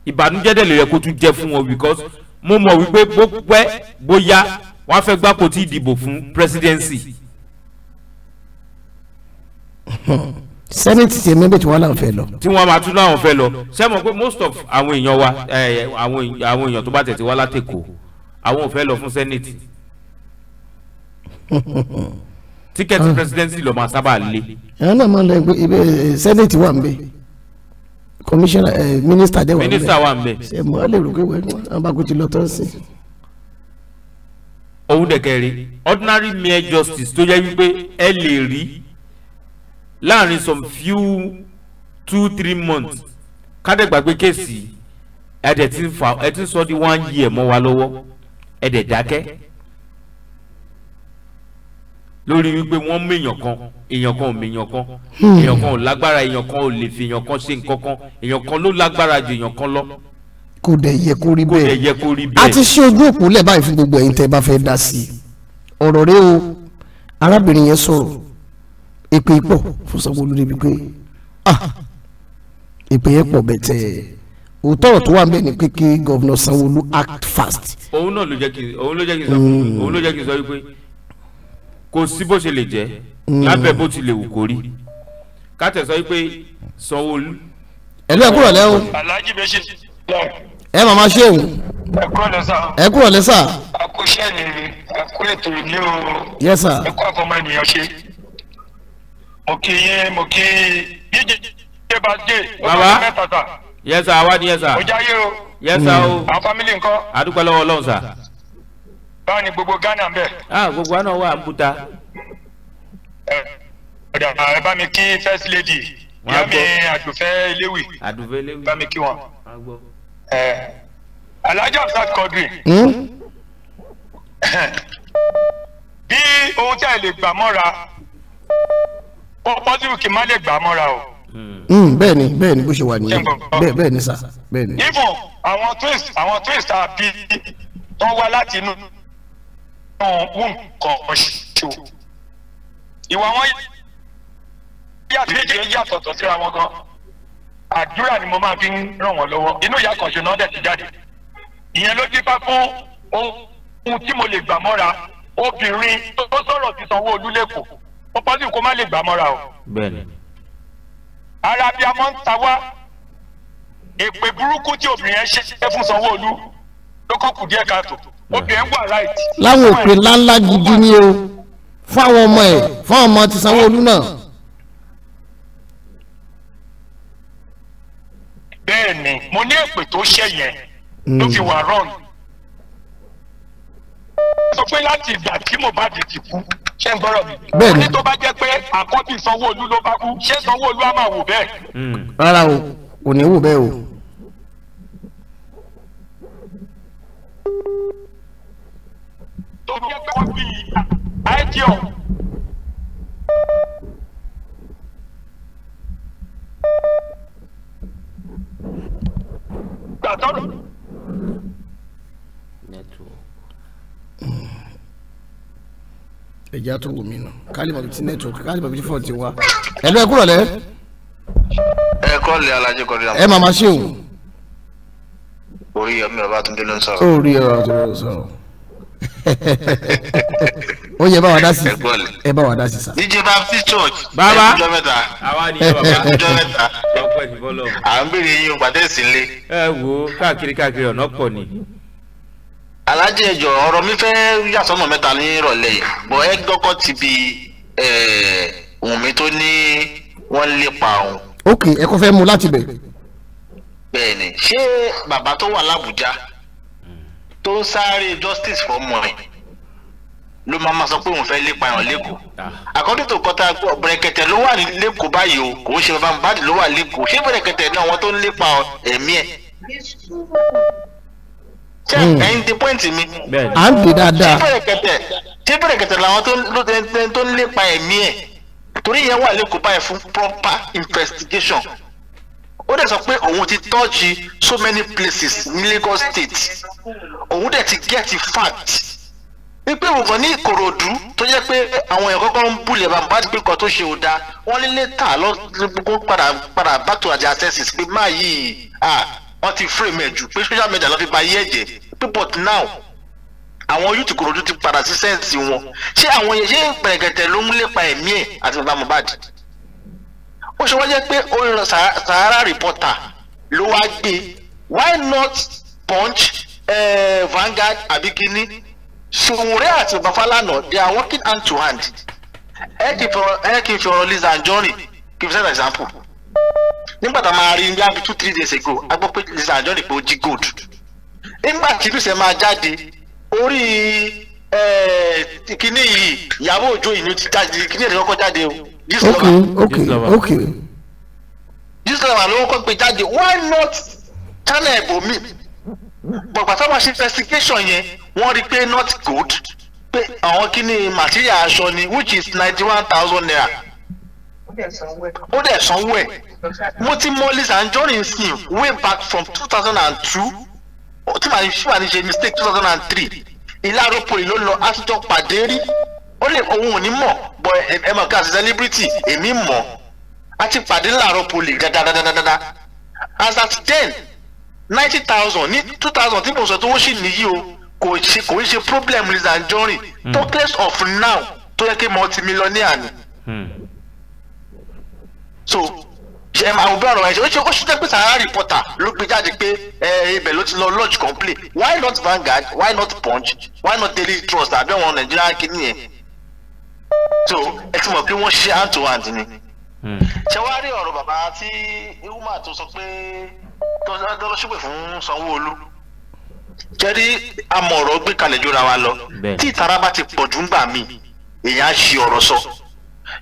ìbànújẹ́ dẹ̀ lè yẹ kó tún jẹ́ fún wọn because mo mọ̀ wípé bó pẹ́ bóyá wọ́n á fẹ́ kó tí ìdìbò fún presidency senate ti mẹ́bẹ̀tì wọn làwọn fẹ́ lọ. tí wọ́n máa tún náà fẹ́ lọ sẹ́mọ̀ pé most of àwọn èèyàn wa àwọn èèyàn tó bá tẹ̀ ti wá látẹ̀kọ̀ àwọn ò fẹ́ lọ fún senate. [LAUGHS] tíkẹ́ẹ̀tì ah. presidency lọ́ọ́ máa sábà lé. ẹ̀rọ náà máa ń lọ ẹgbẹ́ ibẹ̀ eh, senate wà ń bẹ̀ commissioner eh, minister dẹ̀ wà ń bẹ̀ minister wà ń bẹ̀. sẹ́mu a lè ordinary mere justice tó yẹ wípé ẹ láàrin some few two three months kádẹ́gbàgbé kéèsì ẹ̀dẹ̀ ti ń fa ẹ̀ ti ń sọ di one year mọ́ wa lọ́wọ́ ẹ̀dẹ̀ dákẹ́ lórí wípé wọ́n mú èèyàn kan èèyàn kan ò mú èèyàn kan hmm. èèyàn kan ò lágbára èèyàn kan ò lè fi èèyàn kan ṣe nǹkan kan èèyàn kan ló lágbára ju èèyàn kan lọ. kò dẹ̀ yẹ kó rí bẹ́ẹ̀ kò dẹ̀ yẹ kó rí bẹ́ẹ̀. a ti ṣe ojú òpó lẹ́ẹ̀ báyìí fún gbogbo ẹ̀yin tẹ́ ẹ bá fẹ́ dá sí i ọ̀rọ̀ rẹ o arábìnrin yẹn sọ̀rọ̀ èpè pọ̀ fún sanwó pé ah èpè yẹn pọ̀ bẹ̀tẹ̀ òótọ́ tó wà bẹ́ẹ̀ ni pé kí gọ́vnà Sanwó-Olú act fast. òun náà ló jẹ́ kí òun ló jẹ́ kí sọ mm. òun ló jẹ́ kí sọ wípé kò sí bó ṣe lè jẹ́ mm. lábẹ́ bó ti lè wù kó rí ká tẹ̀ sọ wípé Sanwó-Olú. ẹ̀lú ẹ̀kú rẹ̀ lẹ́wọ̀n. Alhaji Bashir ẹ màmá ṣéun ẹ kúrò lẹ́sà. àkúṣe ni àkúrètò ni o. yẹ́sà. ẹ kó àfọmọ ènìyàn ṣe mo kì í yín mo kì í díje díje bá dé ó bá mẹ́ta sà. yes sir àwa ni o. yes sir o. àwọn fámìlì ńkọ́. àdúgbò lọ́wọ́ ọlọ́run báwo ni gbogbo ghana ń ah gbogbo àná wà ń buta. ẹ ọ̀dà ẹ bá mi kí first lady ìyá mi àdùfẹ́ eléwì àdùfẹ́ eléwì bá mi kí wọn. ẹ alhaji abdulsaad quadri hmm? bí ohun tí a lè gbà mọ́ra pọ́sibú kì má lè gbà á mọ́ra o. Hmm, bẹ́ẹ̀ ni bẹ́ẹ̀ ni bó ṣe wà nìyẹn bẹ́ẹ̀ bẹ́ẹ̀ ni sà bẹ́ẹ̀ ni. even àwọn twins àwọn twins tá a bí tó wá láti inú wù nǹkan ọ̀ṣọ́ ìwà wọn yàtọ̀ méjì yàtọ̀ tọ̀ síra wọn gan àdúrà ni mo máa fi ń ràn wọ́n lọ́wọ́ inú ìyá kan ṣùnà dẹ̀ ti jáde ìyẹn ló dípá fún ohun tí mo lè gbà mọ́ra obìnrin tó sọ̀rọ̀ ti Sanwó-Olú lẹ́kọ̀ọ́ pọ́pọ́ sì kó má lè gbà mọ́ra o. bẹ́ẹ̀ni. ara bí a máa ń ta wá èpè burúkú tí obìnrin yẹn ṣe é fún Sanwó-Olú ló kù díẹ̀ káàtó obìnrin wà right. láwọn òpè ńláńlá gidi ni o fún àwọn ọmọ ẹ fún àwọn ọmọ ti Sanwó-Olú náà. bẹ́ẹ̀ni mo ní èpè tó ṣe yẹn ló fi wà rọrùn. sọ pé láti ìgbà tí Mohbad ti kú ṣé ń gbọ́rọ̀ mi. bẹ́ẹ̀ni ní tó bá jẹ́ pé àkọ́bí sanwó-olú ló bá kú ṣé sanwó-olú á máa wò bẹ́ẹ̀. rárá o kò ní wò bẹ́ẹ̀ o. tó bí ẹgbẹ́ bí àìjíọ̀. gbàtọ́rọ̀. ẹ̀jẹ̀ àtúrò mi nù kálíbà bíi ti nẹ́tíwọ̀kì kálíbà bíi ti fọ́ọ̀tì wa. ẹ̀lú ẹ̀kú rọ̀lẹ́. ẹ kọ́ọ̀lì alájẹ kọ́ọ̀lì àmọ́. ẹ máa ma ṣe o. orí ọmọ ọba tó ń délé ń sọ̀rọ̀. orí ọmọ ọba tó ń sọ̀rọ̀. ó yẹ báwa dá sí ẹ báwa dá sí sa. níjẹ bá church. bàbá ẹjọ mẹ́ta ẹjọ mẹ́ta à ń bèrè yín o gbàdé sí ẹ wo káàkiri káàkiri ọ̀nà pọ̀ ni alájẹ ẹjọ ọ̀rọ̀ mi fẹ́ yàtọ̀nà mẹ́ta ní ìrọ̀lẹ́ yìí bọ ẹ gbọkọ ti bi Wùnmí tó ní wọ́n lépa òun. ok ẹ kò fẹ́ mu láti bẹ̀. bẹ́ẹ̀ni ṣé bàbá tó wà lábújá tó ń sáré justice fọ́mọ ẹ̀ ló máa ma sọ pé òun fẹ́ lépa ẹ̀ràn lẹ́kọ̀ọ́ àkọ́dún tó kọ́ta bẹ̀rẹ̀kẹ̀tẹ̀ ló wà lẹ́kọ̀ọ́ báyìí o kò ń ṣe bàbá mi báyìí ló wà lẹ́kọ̀ọ́ ṣé bẹ̀rẹ̀kẹ̀tẹ̀ náà wọ́n tó ń lépa ẹ̀mí ẹ̀ ṣe hmm. ẹyin ti pọ́ǹtì mi. à ń pè dáadáa. ṣé pẹ̀rẹ̀kẹ̀tẹ̀ ṣé pẹ̀rẹ̀kẹ̀tẹ̀ làwọn tó ń lépa ẹ̀mí ẹ̀ torí ìyẹn wà lẹ́kọ̀ọ́ báyìí fún proper investigation ó dẹ̀ sọ pé òun ti tọ́jú so many places ní Lagos State òun dẹ̀ ti get fact wípé ògùn ní Ìkòròdú tó jẹ́ pé àwọn èèyàn kọ́kọ́ ń búlẹ̀ bàbá àti pé kan tó ṣe ò dáa wọ́n lé lẹ́tà lọ́gbọ́n padà padà back to their senses pé máa yìí ah wọ́n ti frame ẹ̀ jù pé social media ló fi ba ayé ẹ̀jẹ̀ pé but now àwọn youth Ìkòròdú ti padà sí sẹ́ǹsì wọn ṣé àwọn yẹn ṣé pẹ̀rẹ̀gẹ̀tẹ̀ ló ń lépa ẹ̀mí ẹ̀ àti bàbá Mohbad ó ṣe wọ́n jẹ́ pé orin Sahara reporter ló wá gbé why not Punch uh, Vanguard àbí kíní Sowore àti Ọba Falana they are working hand to hand ẹ kì í fi ọ̀rọ̀ Lizzy Anjorin kì í fi set example nígbà tá a máa rí ní àbí three days ago a gbọ́ pé Lizzy gold nígbà tí Lizzy máa jáde orí kíní yìí ìyàwó òjò ti jáde kíní ẹ̀ jáde o ok jáde why not channel gbọ̀gbà pé not gold pé àwọn material ni which is ninety one thousand naira ó dẹ̀ sanwó ẹ̀ mo ti mọ Lizzy Anjorin way back from two thousand and two tí màá ṣì wà ní ṣe mistake two thousand and three ìlàrọ̀ poli ló lọ àtijọ́ pàdé rí ó lè òun ò ní mọ̀ bọ ẹ mọ̀ ká celebrity èmi mọ̀ á ti pàdé ńlàrọ̀ poli dáadáa as at then ninety thousand ní two thousand tí mo sọ tí wọ́n ṣì níyì o kò ṣe kò ń ṣe problem Lizzy Anjorin hmm. talkless of now tó yẹ kí multi millionaire ni. Hmm so ṣe àwọn bẹ́ẹ̀ ọ̀rọ̀ ẹ̀ ṣe ó ṣe jẹ́ pé Sahara reporter ló gbé jáde pé ibẹ̀ ló ti lọ lodge complaint why not Vanguard why not Punch why not Daily Trust àbí àwọn Nigerian kìíní yẹn so ẹ ti mọ̀ pé wọ́n ṣe hand to hand ni. Hmm. ṣé wàá rí ọ̀rọ̀ bàbá tí iwuma tó sọ pé tó lọ ṣùgbè fún Sanwó-Olú jẹ́rí amọ̀rọ̀ gbé kalẹ̀ jọra wa lọ tí ìtara bá ti pọ̀ jù ń gbà mí èèyàn á ṣe ọ̀rọ̀ sọ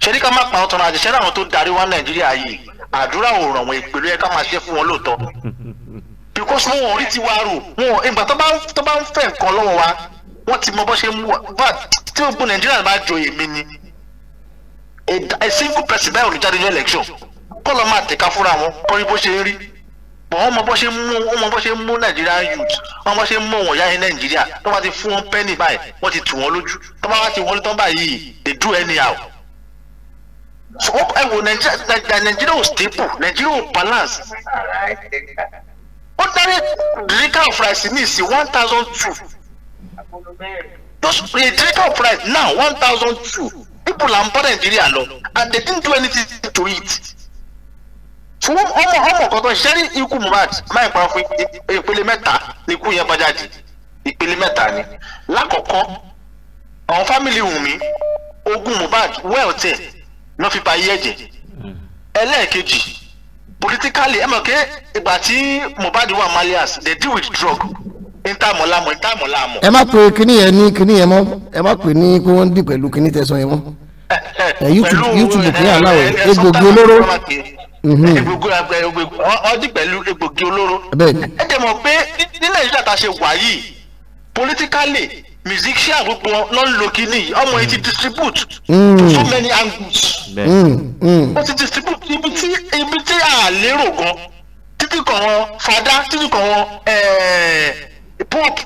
ṣe ní ká má pa ọtọ ajé ṣẹlẹ àwọn tó ń darí wá nàìjíríà yìí àdúrà ò ràn wọn ìpèlú ẹ ká máa ṣe fún wọn lóòótọ́ because wọn ò rí tiwa rò wọn ìgbà tó bá ń fẹ́ nǹkan lọ́wọ́ wa wọ́n ti mọ bó ṣe ń mú wa tí gbogbo nàìjíríà bá joyè mi ni a single person báyìí olùjáde ní election kọ́ lọ́ máa tẹ̀ka fúnra wọn kọ́ rí bó ṣe ń rí bọ̀ wọ́n mọ bó ṣe ń mú wọ́n mọ bó ṣe ń mú nàìjíríà youth wọ́n mọ bó ṣe ń mú wọn yá ní nàìjíríà tó bá ti fún wọn pẹ́ẹ́nì báyìí wọ́n ti tù wọ́n lójú tó bá wá ti wọlé tán báyìí they do anyhow so wọn ẹ wo nàìjíríà nàìjíríà ò stable nàìjíríà ò balance ó dárí drinker of rice ní ìsìn one thousand two those a drinker of rice now one thousand two people là ń bọ́ nàìjíríà lọ and they didn't do anything to it so wọn ọmọ ọmọ kankan ṣẹ́rí ikú Mohbad máa ń pa fún ìpele mẹ́ta ní ikú yẹn bá jáde ìpele mẹ́ta ni lákọ̀ọ́kọ́ àwọn fámìlì Wùmí ogún Mohbad wẹ́ẹ̀tẹ̀ ló fi ba ayé ẹ̀jẹ̀ ẹlẹ́ẹ̀kejì politically ẹ mọ̀ pé ìgbà tí Mohbad wà Malias they deal with drug ntamọ̀lámọ̀ ntamọ̀lámọ̀. ẹ má pe kinní yẹn ní kinní yẹn mọ́ ẹ má pe ní kí wọ́n dì pẹ̀lú kinní tẹ̀sán yẹn mọ́ [LAUGHS] YouTube eh, eh, kìí aláwọ̀ mhm. egbògi olóró. Eh, ọdí pẹ̀lú egbògi olóró. ẹ jẹ́ mọ̀ pé ní Nàìjíríà tá a ṣe wà yìí politically musician gbogbo ló ń lo kínní yìí ọmọ yìí ti distribute to mm. so many angles mm, mm. ó ti distribute ibi tí ibi tí a lérò gan títí kan wọn fada títí kan wọn eh, pop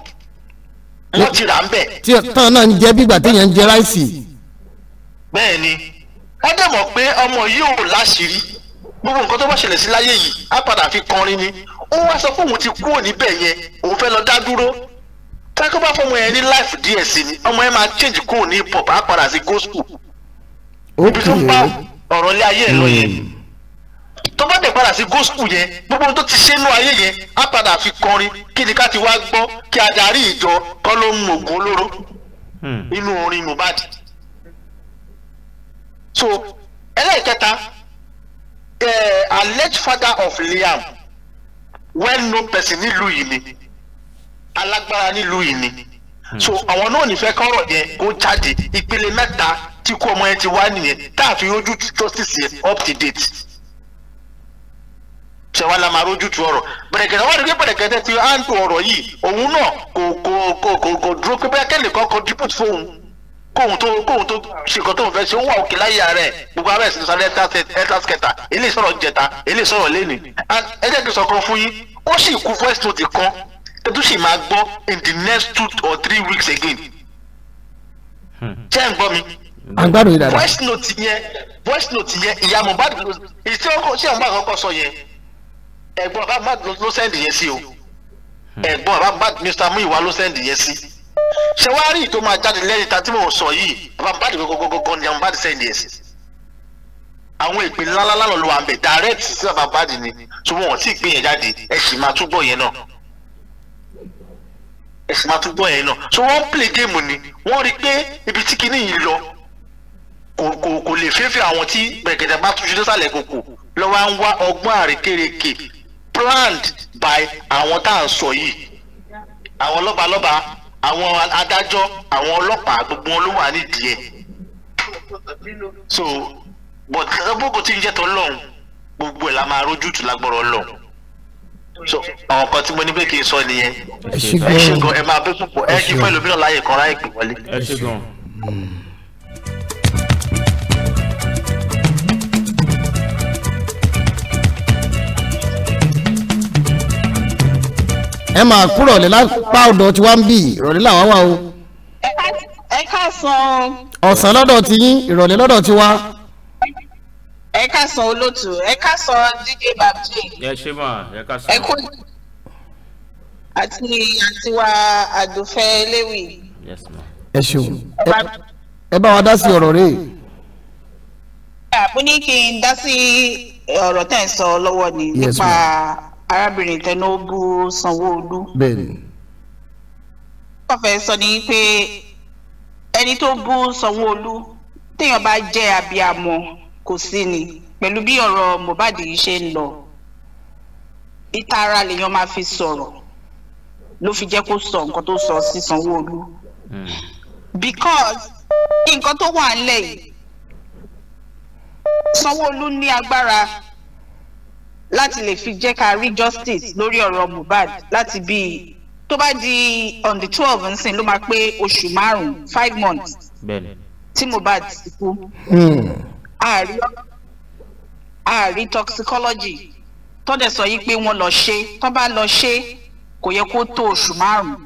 wọn ti rà ń bẹ. tí tán náà ń jẹ bí ìgbà téèyàn ń jẹ ráìsì. bẹ́ẹ̀ ni wọ́n dẹ̀ mọ̀ pé ọmọ yìí ò láṣìírí gbogbo nǹkan tó bá ṣẹlẹ̀ sí láyé yìí á padà fi kọrin ni ó wá sọ fún òun ti kúrò níbẹ̀ yẹn òun fẹ́ lọ dá dúró kákọ́bá fọmọ yẹn ní life díẹ sí ni ọmọ yẹn máa change kúrò ní hip hop á padà sí gospel ibi tó ń bá ọ̀rọ̀ ilé ayé ẹ̀ lọ yẹn hmm. tó bá dẹ̀ padà sí gospel yẹn gbogbo ohun tó ti ṣe nú ayé yẹn á padà fi kọrin kí ni ká ti wá gbọ́ kí adarí ìjọ kọ́ ló ń mọ̀gùn olóró hmm. inú orin Mohbad so ẹlẹ́ẹ̀kẹta eh, alleged father of Liam well known person nílùú yìí ni. alágbára nílùú yìí ni hmm. so àwọn náà nífẹ̀ẹ́ kọ́rọ̀ yẹn kó jáde ìpele mẹ́ta tí kú ọmọ yẹn ti wá nìyẹn tá a fi ojú justice yẹn up to date ṣẹ̀wá la máa rójú tu ọ̀rọ̀ Bẹ̀rẹ̀kẹ̀tẹ̀ wọ́n rí pé Bẹ̀rẹ̀kẹ̀tẹ̀ ti áńtò ọ̀rọ̀ yìí òun náà kò kò kò kò kò dúró pé bóyá kẹ́lẹ̀ kan contribute fóun kóun tó kóun tó ṣèkọ́ tóun fẹ́ ṣe ó wà òkè láyé rẹ̀ gbogbo abẹ́ ìsinmi sáré ẹ̀ta skẹta eléyìí sọ̀rọ̀ jẹta eléyìí sọ̀rọ̀ lẹ́nu ẹ jẹ́ kí n fún yín ó sì kú first note kan ẹ tún sì máa gbọ́ in the next two or three weeks again. Hmm. ṣé ẹ ń gbọ́ mi. à ń gbádùn yìí dáadáa. voice note yẹn voice note yẹn ìyá Mohbad ìṣe ọkọ ṣé àwọn àkọ́kọ́ sọ yẹn ẹ̀gbọ́n bàbá Mohbad ló sẹ́ndì yẹn sí o hmm. ẹ̀gbọ́n bàbá Mohbad Mr Muyiwa ló sẹ́ndì yẹn sí ṣé wàá rí ìtò máa jáde lẹ́yìn ta tí mo sọ yìí bàbá Mohbad gọgọgọgọ ni Mohbad sẹ́ndì yẹn sí àwọn ìpè ńláńlá lọ́lọ́ wà ń bẹ̀ direct sí bàbá Mohbad ni tí wọ́n ti gbé yẹn jáde ẹ̀ sì máa túbọ̀ yẹn náà ẹ̀sìn máa tún gbọ́ yẹn náà so wọ́n play game ni wọ́n rí i pé ibi tí kinní yìí lọ kò lè fẹ́fẹ́ àwọn tí gbẹ̀gẹ̀dẹ̀ bá tún ṣe dọ́sàlẹ̀ kòkò lọ́wọ́ ń wá ọgbọ́n àrékèrèké planned by àwọn tá à ń sọ yìí àwọn lọ́balọ́ba àwọn adájọ́ àwọn ọlọ́pàá gbogbo wọn ló wà nídìí ẹ̀ so but gbogbo tí ń jẹ́ tọ́ lọ́hùn gbogbo ẹ̀ la máa rójútùú lágbọ́rọ̀ lọ́hùn. so àwọn kan tí mo ní pé kì í sọ nìyẹn ẹ ṣe gan ẹ máa bẹ púpọ̀ ẹ kí pẹ̀lú mìíràn láàyè kan láyè pè wọlé. ẹ máa kúrò lè lápá ọ̀dọ̀ tí wàá ń bì ìrọ̀lẹ́ làwọn wà o. ẹ ká san. ọ̀sán lọ́dọ̀ yín, ìrọ̀lẹ́ lọ́dọ̀ wá. ẹ ká sọ olóòtú ẹ ká sọ dj babji. ẹ ṣe mà ẹ ká sọ. ẹ kú àti àtiwá àdùfẹ́ léwì. ẹ ṣeun ẹ bá wa dá sí ọ̀rọ̀ rẹ̀. àbúní kí n dá sí ọ̀rọ̀ tẹ̀ ń sọ lọ́wọ́ ni nípa arábìnrin tẹnubu sanwó-olu. bẹ́ẹ̀ni. wọ́n fẹ́ sọ ni pé ẹni tó bú sanwó-olu téèyàn bá jẹ́ abiyamọ kò sí ni pẹ̀lú bí ọ̀rọ̀ Mohbad yìí ṣe ń lọ ìtara lèèyàn máa fi sọ̀rọ̀ ló fi jẹ́ kó sọ nǹkan tó sọ sí Sanwó-Olú hmm. because nǹkan tó wà ńlẹ̀ yìí Sanwó-Olú ní agbára láti lè fi jẹ́ ká rí justice lórí ọ̀rọ̀ Mohbad láti bí tó bá di on the twelve nsìn ló máa pé oṣù márùn-ún five months tí Mohbad ti kú. Hmm àárí àárí toxicology tọ́dẹ̀ sọ yìí pé wọ́n lọ ṣe tọ́ bá lọ ṣe kò yẹ kó tó oṣù márùn-ún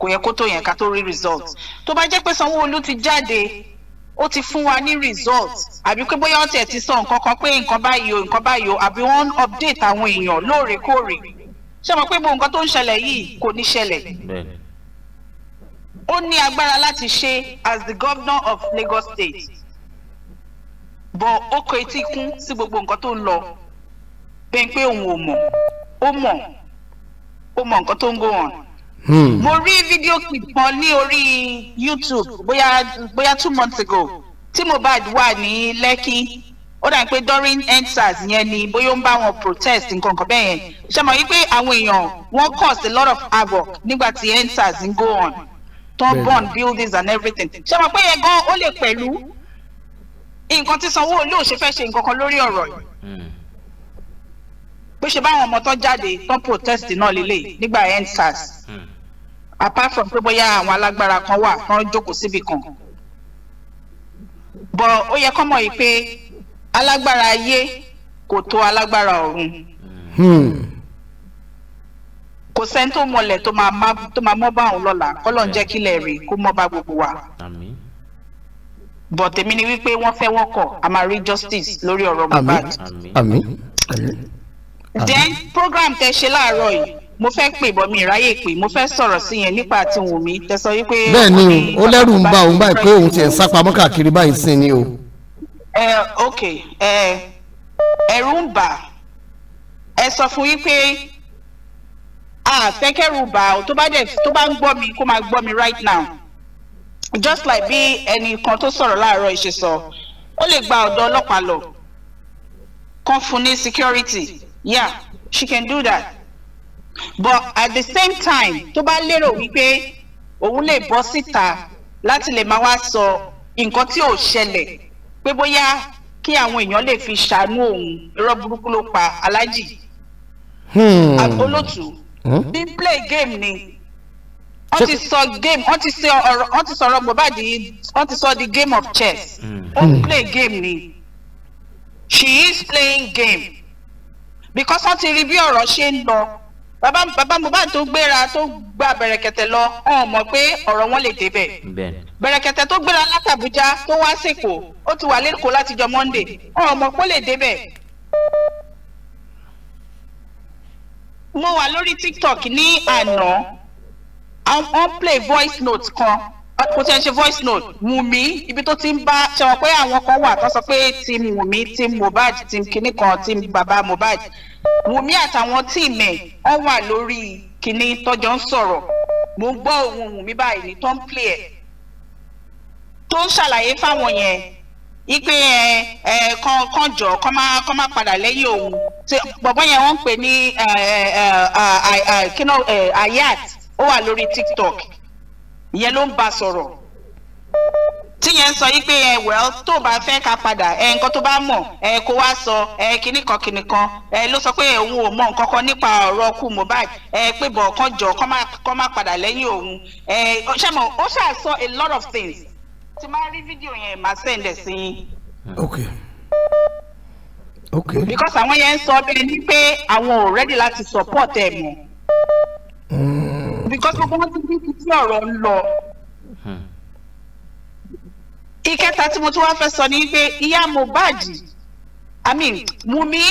kò yẹ kó tó yẹn ká tó rí result tó bá jẹ́ pé Sanwó-Olú ti jáde ó ti fún wa ní result àbí pé bóyá wọ́n ti sọ nǹkan kan pé nǹkan báyìí o nǹkan báyìí o àbí wọ́n ń update àwọn èèyàn lóòrèkóòrè ṣé mo pé bo nǹkan tó ń ṣẹlẹ̀ yìí kò ní ṣẹlẹ̀ ó ní agbára láti ṣe as the governor of Lagos State bọ ó kọ etí kún sí gbogbo nǹkan tó ń lọ bẹ́ẹ̀ pé òun ò mọ̀ ó mọ̀ ó mọ̀ nǹkan tó ń go on. Hmm. mo rí fídíò clip kan ní orí YouTube bóyá bóyá two months ago tí Mohbad wà ní Lekki ó dà pé during endsars yẹn ni bóyá ó ń bá wọn protest nǹkan kan bẹ́ẹ̀ yẹn ṣe mọ̀ wípé àwọn èèyàn wọ́n cause a lot of havoc nígbà tí endsars ń go on tó burn buildings and everything ṣe mọ̀ pé yẹn gan ó lè pẹ̀lú nǹkan tí Sanwó-Olú ò ṣe fẹ́ ṣe nǹkan kan lórí ọ̀rọ̀ yìí hmm. bó ṣe báwọn ọmọ tó jáde tó protest náà lélẹ̀ nígbà endsars hmm. apart from pé bóyá àwọn alágbára kan wà tó ń jókòó síbì kan bọ̀ ó yẹ kọ́mọ̀ yìí pé alágbára ayé kò tó alágbára ọ̀run hmm. kò sẹ́ni tó mọlẹ̀ tó máa mọ́ bá òun lọ́la kọ́lọ́n jẹ́ kílẹ̀ rè kó mọ́ bá gbogbo wa. Àmín but èmi ni wípé wọ́n fẹ́ wọ́kọ̀ a máa rí justice lórí ọ̀rọ̀ Mohbad. àmín àmín. then program tẹ ṣe láàárọ̀ yìí mo fẹ́ pè bọ́ mi ìráyè pè mo fẹ́ sọ̀rọ̀ sí yẹn nípa àti Wùnmí tẹ sọ wípé. bẹ́ẹ̀ ni o ó lẹ́rù ń bá òun báyìí pé òun ti ẹ̀ sá pamọ́ káàkiri báyìí sí ni o. ẹ ok ẹ ẹ̀rù ń bà ẹ sọ fún yín pé àfẹ́kẹ́rù bà tó bá ń gbọ́ mi kó máa gbọ́ mi right now just like bí ẹnì kan tó sọ̀rọ̀ láàárọ̀ ìṣe sọ ó lè gba ọ̀dọ̀ ọlọ́pàá lọ kan fún ní security yeah she can do that but at the same time tó bá lérò wípé òun lè bọ́ síta láti lè máa wá sọ nǹkan tí ò ṣẹlẹ̀ pé bóyá kí àwọn èèyàn lè fi ṣàánú òun irọ́ burúkú ló pa aláàjì hmm. olótùú hmm? bí play game ni wọ́n ti sọ game wọ́n ti sọ ọ̀rọ̀ wọ́n ti sọ̀rọ̀ bàbá di wọ́n ti sọ the game of chess hmm. ó mm. play game ni she is playing game because wọ́n ti rí bí ọ̀rọ̀ ṣe ń lọ bàbá bàbá Mohbad tó gbéra tó gba bẹ̀rẹ̀kẹ̀tẹ̀ lọ ọ̀hún mọ̀ pé ọ̀rọ̀ wọn lè débẹ̀ bẹ̀rẹ̀kẹ̀tẹ̀ tó gbéra látàbújá tó wá sèkó ó ti wà lẹ́kọ̀ọ́ látijọ́ Monday ọ̀hún mọ̀ pé ó lè débẹ̀ mo wà lórí TikTok ní àná wọ́n play voice note kan kò tí ẹ ṣe voice note Wùmí ibi tó ti ń bá ṣe wọ́n pé àwọn kan wà tó sọ pé team Wùmí team Mohbad team kinní kan team baba Mohbad Wùmí àtàwọn team ẹ̀ wọ́n wà lórí kinní tọ́jọ́ ń sọ̀rọ̀ mo ń gbọ́ ohùn Wùmí báyìí ní tó play ẹ̀ tó ń ṣàlàyé fáwọn yẹn ipe ẹ ẹ kan kan jọ kan máa kan máa padà lẹ́yìn òun ṣe bọ̀bọ́ yẹn wọ́n ń pè ní ayat ó wà lórí tiktok ìyẹn ló ń bá sọ̀rọ̀ tíyẹn ń sọ yí pé ẹ eh, wẹ́l tó bá fẹ́ ká padà ẹ eh, nǹkan tó bá mọ̀ ẹ eh, kó wá sọ ẹ kinní kan kinní kan ẹ ló sọ pé òun ò mọ nǹkan kan nípa ọ̀rọ̀ kú Mohbad ẹ pé bọ̀ kán jọ kán má padà lẹ́yìn òun ẹ ṣàmọ̀ ó ṣáà sọ a lot of things tí máa rí fídíò yẹn máa send sí yín. ok ok. because àwọn yẹn ń sọ bẹ́ẹ̀ ni pé àwọn ò ready láti support ẹ̀ mọ́. Mm because gbogbo wọn ti bí tí ọ̀rọ̀ ń lọ. Hmm. ìkẹta tí mo tún wá fẹ́ sọ ni pé ìyá Mohbad i mean Wunmi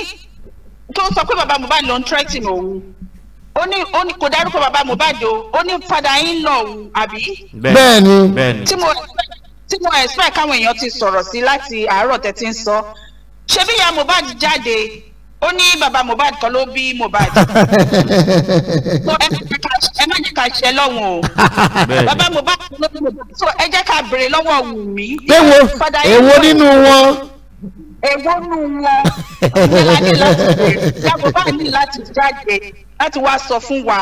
tó sọ pé bàbá Mohbad ló ń threaten òun ó ní ó ní kò dárúkọ bàbá Mohbad o ó ní padà yín lọ òun àbí. bẹ́ẹ̀ni bẹ́ẹ̀ni. tí mo tí mo expect káwọn èèyàn ti sọ̀rọ̀ sí láti àárọ̀ tẹ́tí ń sọ ṣebí ìyá Mohbad jáde ó ní bàbá Mohbad kọ́ ló bí Mohbad ẹ má jẹ́ ká ṣe lọ́wọ́n o bàbá Mohbad kọ́ ló bí Mohbad so ẹ jẹ́ ká béèrè lọ́wọ́ Wùmí. wo èwo nínú wọn. èwo nínú wọn ìyàwó bá ní láti jáde láti wá sọ fún wa.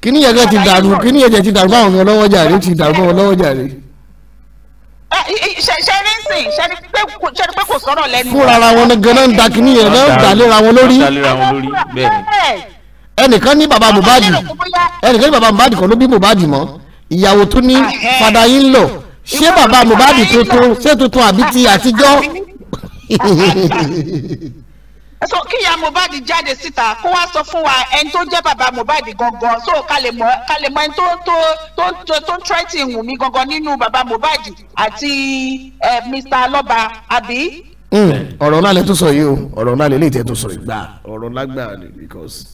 kíní yẹn ti dàrú kíní yẹn ti dàrú báwọn ọmọ ọlọ́wọ́ jàre ti dàrú báwọn ọlọ́wọ́ jàre. ṣe ṣe sìn ṣẹ́ni pé kò sọ̀rọ̀ lẹ́nu. fúnra ara wọn ganan ń da kínní yẹn náà ń dalera wọn lórí. ẹnìkan ní baba Mohbad ẹnìkan ní baba Mohbad kan ló bí Mohbad mọ́ ìyàwó tún ní fada yín lọ ṣé baba Mohbad tuntun ṣé tuntun àbí ti àtijọ́. [LAUGHS] so kíyà Mohbad jáde síta kó wá sọ fún wa ẹni tó jẹ́ bàbá Mohbad gangan so ká lè mọ̀ ká ẹni tó tó tó tó tó ń tírẹ́tì Wùnmí gangan nínú bàbá Mohbad àti Mr. Lọ́ba àbí. Hmm, ọ̀rọ̀ náà lè tún sọ yìí o ọ̀rọ̀ náà lè lè tẹ́ tún sọ ìgbà ọ̀rọ̀ lágbà ni because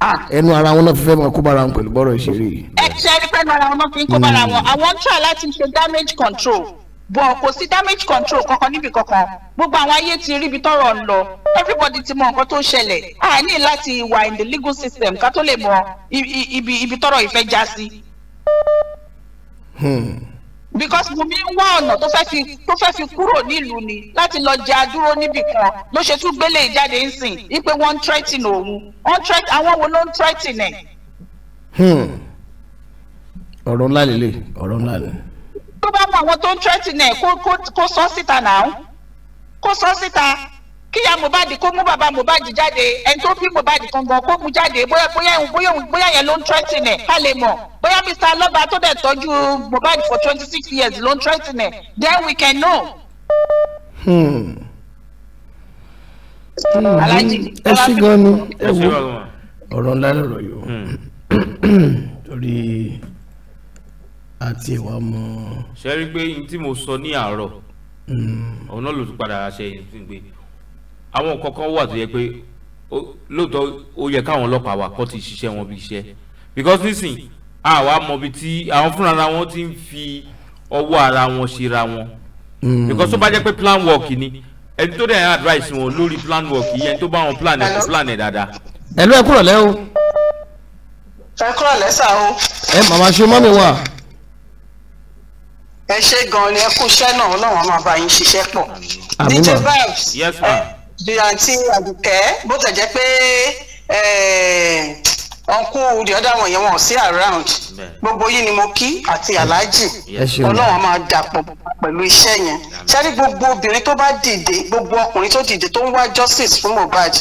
ah. ẹnu ara wọn náà fi fẹ́ máa kó bára wọn pẹ̀lú bọ́rọ̀ ìṣeré yìí. ẹ ṣe é rí pẹ́ẹ́nu ara wọn náà fi ń kó bára wọn àwọn ń try láti ṣe damage control bọ̀ kò sí damage control kankan níbi kankan gbogbo àwọn ayé ti ríbi tọ́rọ̀ ń lọ everybody ti mọ nǹkan tó ṣẹlẹ̀ a ní láti wà in the legal system ká tó lè mọ ibi ibi tọ́rọ̀ ìfẹ́ já sí. Hmm. because Wunmi ń wá ọ̀nà tó fẹ́ fi tó fẹ́ fi kúrò nílùú ni láti lọ jẹ adúró níbì kan ló ṣe tún gbélé ìjáde ń sìn wípé wọ́n ń threaten òun wọ́n threaten àwọn wo ló ń threaten ẹ̀. Hmm. ọ̀rọ̀ ńlá lélẹ̀ ọ̀rọ̀ ńlá lélẹ̀ tó bá mọ àwọn tó ń tẹ́tìnẹ̀ kó sọ síta náà kó sọ síta kíyà Mohbad kó mú bàbá Mohbad jáde ẹni tó bí Mohbad gangan kó mú jáde bóyá bóyá bóyá bóyá yẹn ló ń tẹ́tìnẹ̀ ká lè mọ̀ bóyá Mr. Aloba tó dẹ̀ tọ́jú Mohbad for twenty six years ló ń tẹ́tìnẹ̀ then we can know. Hmm. hmm. Alhaji ẹ ṣí gan ni ẹ wo ọ̀rọ̀ ńlá lọ̀rọ̀ yìí hmm. [CLEARS THROAT] torí àti ìwà mọ. ṣe rí i pé n tí mo sọ ní àárọ̀ òun hmm. náà ló tún padà ṣe yìí fún mi àwọn kankan wà tó yẹ pé lóòótọ́ ó yẹ káwọn ọlọ́pàá wa kọ́ ti ṣiṣẹ́ wọn bí iṣẹ́ because nísìnyí àwa mọ ibi tí àwọn fúnra wọn ti ń fi ọwọ́ ara wọn ṣera wọn hmm. because tó bá jẹ́ pé plan work ni ẹni tó dẹ̀ advice wọn lórí plan work yìí ẹni tó bá wọn plan ẹ̀ kó plan ẹ̀ dáadáa. ẹ̀lú ẹ̀kúrọ̀lẹ́ o. ẹ̀kúrọ̀lẹ́ sà o. ẹ màmá ṣe mọ́mi wà ẹ ṣe gan ni ẹ kú iṣẹ́ náà Ọlọ́run máa bá yín ṣiṣẹ́ pọ̀ DJ Babs bí àǹtí Àdùkẹ́ bó tẹ̀ jẹ́ pé eh, ọ̀nkú the other one yẹn wọn sí around gbogbo yìí ni mo kí àti aláàjì ọlọ́run máa dàpọ̀ pẹ̀lú iṣẹ́ yẹn sẹ́rí gbogbo obìnrin tó bá dìde gbogbo ọkùnrin tó dìde tó ń wá justice fún Mohbad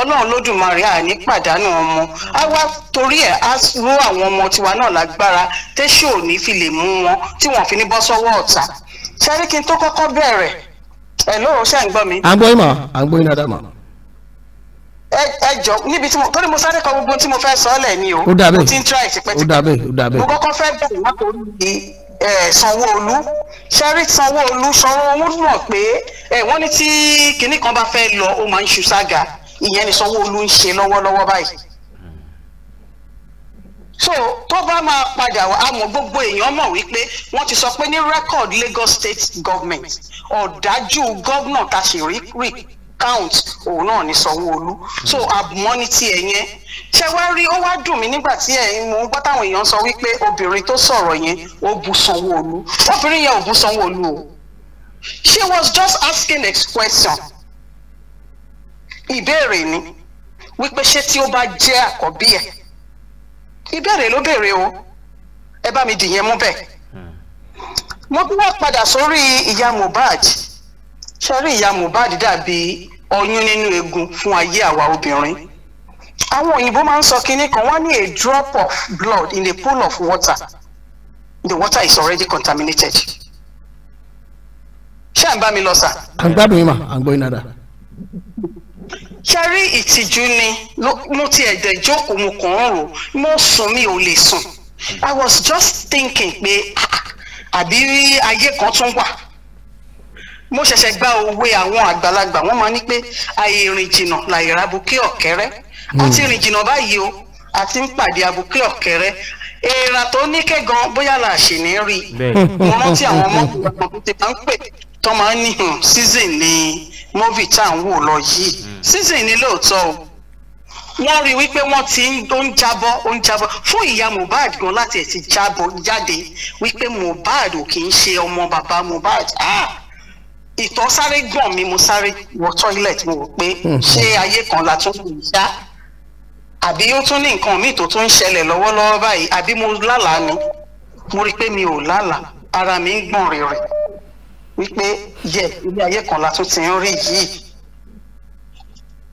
ọlọ́run lódùmarè àní pàdánù ọmọ á wá torí ẹ̀ á ró àwọn ọmọ tiwa náà lágbára tẹ́sí ò ní fi lè mú wọn tí wọ́n fi ní bọ́ sọ́wọ́ ọ̀tá sẹ́rí kí n tó kọ́kọ́ bẹ̀rẹ̀ ẹ̀ lóòrò ṣẹ́ ń gbọ́ mi. à ń gbọ́ ìmọ̀ à ń gbọ́ ìnáda mọ̀ ẹ jọ níbi tí mo torí mo sáré kọ gbogbo tí mo fẹ́ sọ lẹ̀ ni o ó dàbẹ̀ ó dàbẹ̀ ó dàbẹ̀ mo kọ́kọ́ fẹ́ bẹ̀rẹ̀ látòrí Sanwó-Olú Sheriff Sanwó-Olú pé wọ́n ní tí kinní kan bá fẹ́ lọ ó máa ń ṣu sága ìyẹn ni sanwó ń ṣe lọ́wọ́lọ́wọ́ báyìí so tó bá máa padà wá àmọ́ gbogbo èèyàn mọ̀ wípé wọ́n ti sọ pé ní record Lagos State Government ọ̀dájú gọ́vnà tá a ṣe rí rí count òun náà ní sanwó so hmm. àbùmọ́ni ti ẹ̀ yẹn ṣe wá rí ó wá dùn mí nígbà tí ẹ̀ ń mú gbọ́ táwọn èèyàn sọ wípé obìnrin tó sọ̀rọ̀ yẹn ó bu sanwó obìnrin yẹn ò bu sanwó o she was just asking a question ìbéèrè ni wípé ṣé tí ó bá jẹ́ àkọ́bí ẹ̀ ìbéèrè ló béèrè o ẹ bá mi dìyẹn mú bẹ́ẹ̀ hmm. mo bí wọ́n padà sórí ìyá Mohbad ṣẹ́rí ìyá Mohbad dàbí ọyún nínú eegun fún ayé àwa obìnrin àwọn òyìnbó máa ń sọ kinní kan wọ́n ní a drop of blood in a pool of water the water is already contaminated ṣé à ń bá mi lọ sà. à ń gbádùn yín mà à ń gbọ́ yín dáadáa. ṣẹ́rí ìtìjú ni mo ti ẹ̀dẹ̀ jókòó mo kàn ń rò mo sùn mi ò lè sùn i was just thinking pé ah, àbí ayé kan tún wà mo ṣẹ̀ṣẹ̀ gba òwe àwọn àgbàlagbà wọ́n máa ní pé àyè rìn jìnnà làyèrè abuké ọ̀kẹ́rẹ́ àti hmm. rìn jìnnà báyìí o àti ń pàdé abuké ọ̀kẹ́rẹ́ èèrà tó níkẹ́ gan bóyá là ṣì ní rí i mo rántí àwọn ọmọ kan tó ti máa ń pè tó máa ń níhàn hmm, season ní movie tá à ń wò lọ yìí hmm. season ní lóòótọ́ o wọ́n rí wípé wọ́n ti ń jábọ́ ó ń jábọ́ fún ìyá Mohbad gan láti ẹ̀ ti jábọ́ jáde wípé Mohbad ò kì í ṣe ọmọ bàbá Mohbad ah ìtọ̀ sáré gbọ̀n mi mo sáré wọ toilet mo rò pé hmm. ṣé ayé kan la tún kù ṣá àbí ó tún ní nǹkan míì tó tún ń ṣẹlẹ̀ lọ́wọ́lọ́wọ́ báyìí àbí mo lálàá ni mo rí i pé mi ò lálàá ara mi ń gbọ̀n rìnrìn wípé yẹ ilé ayé kan la tún ti ń rí yìí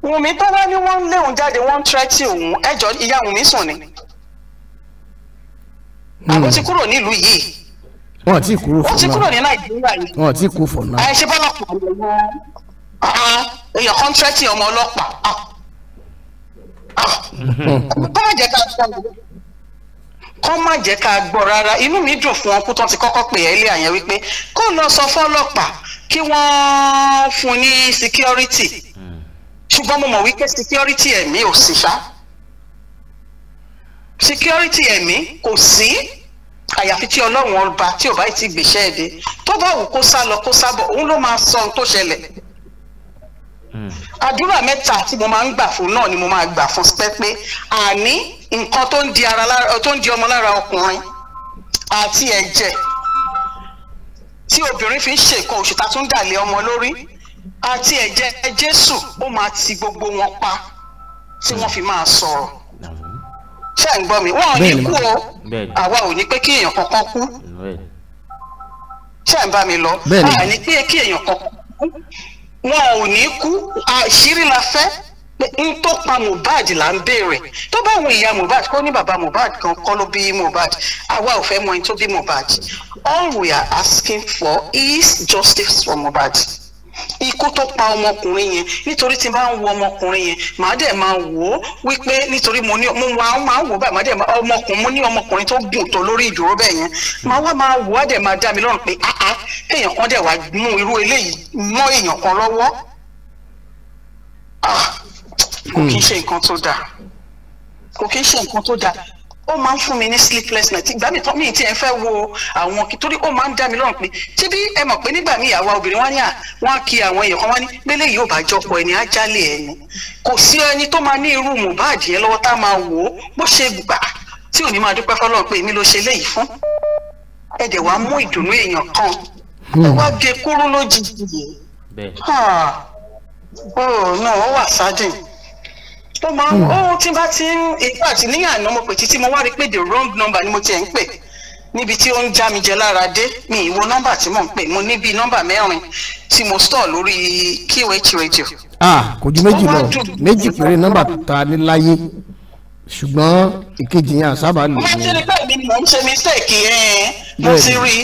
Wùnmí tó wá ní wọ́n lé òun jáde wọ́n tẹ́tí òun ẹjọ́ ìyá Wùnmí sùn ni hmm. àbọ̀ ti kúrò nílùú yìí wọn ti kúrò fún náà wọn ti kúrò ní nàìjíríà yìí wọn ti kú fún náà. ẹ ṣe bọ́lá kò lọ ah, èèyàn kọ́ńtrẹ́tì ọmọ ọlọ́pàá ah, ah, kọ́ má jẹ́ ká gbọ́ kọ́ má jẹ́ ká gbọ́ rárá inú mi dùn fún ọkú tó ti kọ́kọ́ pè é lé àyẹn wípé kó lọ sọ fọ́lọ́pàá kí wọ́n fún ní security ṣùgbọ́n mo mọ̀ wípé security ẹ̀mí ò sí ṣá security ẹ̀mí kò sí àyàfi tí ọlọ́run ọba tí ò bá ti gbèsè ẹ̀ dé tó bá wù kó sá lọ kó sá bọ̀ òun ló máa sọ ohun tó ṣẹlẹ̀ hmm. àdúrà mẹ́ta tí mo máa ń gbà fún náà ni mo máa gbà fún pẹ́pẹ́ àní nǹkan tó ń di ara lára tó ń di ọmọ lára ọkùnrin àti ẹ̀jẹ̀ tí obìnrin fi ń ṣe nǹkan oṣù tá a tún dà lé ọmọ lórí àti ẹ̀jẹ̀ Jésù ó máa ti gbogbo wọn pa tí wọ́n fi máa sọ̀rọ̀ ṣé ń gbọ́ mi wọn ò ní kú o àwa ò ní pé kí èèyàn kankan kú ṣé ń bá mi lọ a ní pé kí èèyàn kankan kú wọn ò ní kú àṣírí la fẹ́ n tó pa Mohbad là ń béèrè tó bá àwọn ìyá Mohbad kó ní bàbá Mohbad kan kọ́ ló bí Mohbad àwa ò fẹ́ mọ ẹni tó bí Mohbad all we are asking for is justice for Mohbad ikú tó pa ọmọkùnrin yẹn nítorí tí n bá ń wo ọmọkùnrin yẹn màá dẹ̀ máa wò ó wípé nítorí mo ní mo máa máa wò báyìí màá dẹ̀ máa ọmọkùnrin mo ní ọmọkùnrin tó gùn tó lórí ìdúró bẹ́ẹ̀ yẹn màá wá máa wò á dẹ̀ máa dá mi lọ́rùn pé áá ah, ah, èèyàn kan dẹ̀ wá mú irú eléyìí mọ́ èèyàn kan lọ́wọ́ ah, kò kí ń hmm. ṣe nǹkan tó dáa kò kí ń ṣe nǹkan tó dáa ó máa ń fún mi ní sleepless night ìgbà mi tán mi ti ẹ fẹ́ wo àwọn kí torí ó máa ń dá mi lọ́rùn pé ṣé bí ẹ mọ̀ pé nígbà míì àwa obìnrin wá ní à wọ́n á kí àwọn èèyàn kan wá ní gbélé yìí ò bá jọpọ̀ ẹni á ẹni kò sí ẹni tó máa ní irú Mohbad yẹn lọ́wọ́ tá a máa wò ó bó ṣe gbà tí ò ní máa dúpẹ́ fọlọ́run pé èmi ló ṣe léyìí fún ẹ dẹ̀ wá mú ìdùnnú èèyàn kan hmm. ẹ wá gé kúrú lójijì yìí ó máa ń hmm. ó tí bá ti ń ìgbà tí ní àná mo pè títí mo wá rí pé the wrong number ni mo tiẹ̀ ń pè níbi tí ó ń já mi jẹ lára dé mi ìwo nọ́mbà tí mò ń pè mo ní bíi nọ́mbà mẹ́rin tí mo store lórí QH radio. ah kò ju méjì lọ méjì péré nọ́mbà ta ní láyé ṣùgbọ́n ìkejì yẹn àsábà lò ní. wọ́n ti rí pé mi mò ń ṣe mistake yẹn mo ti rí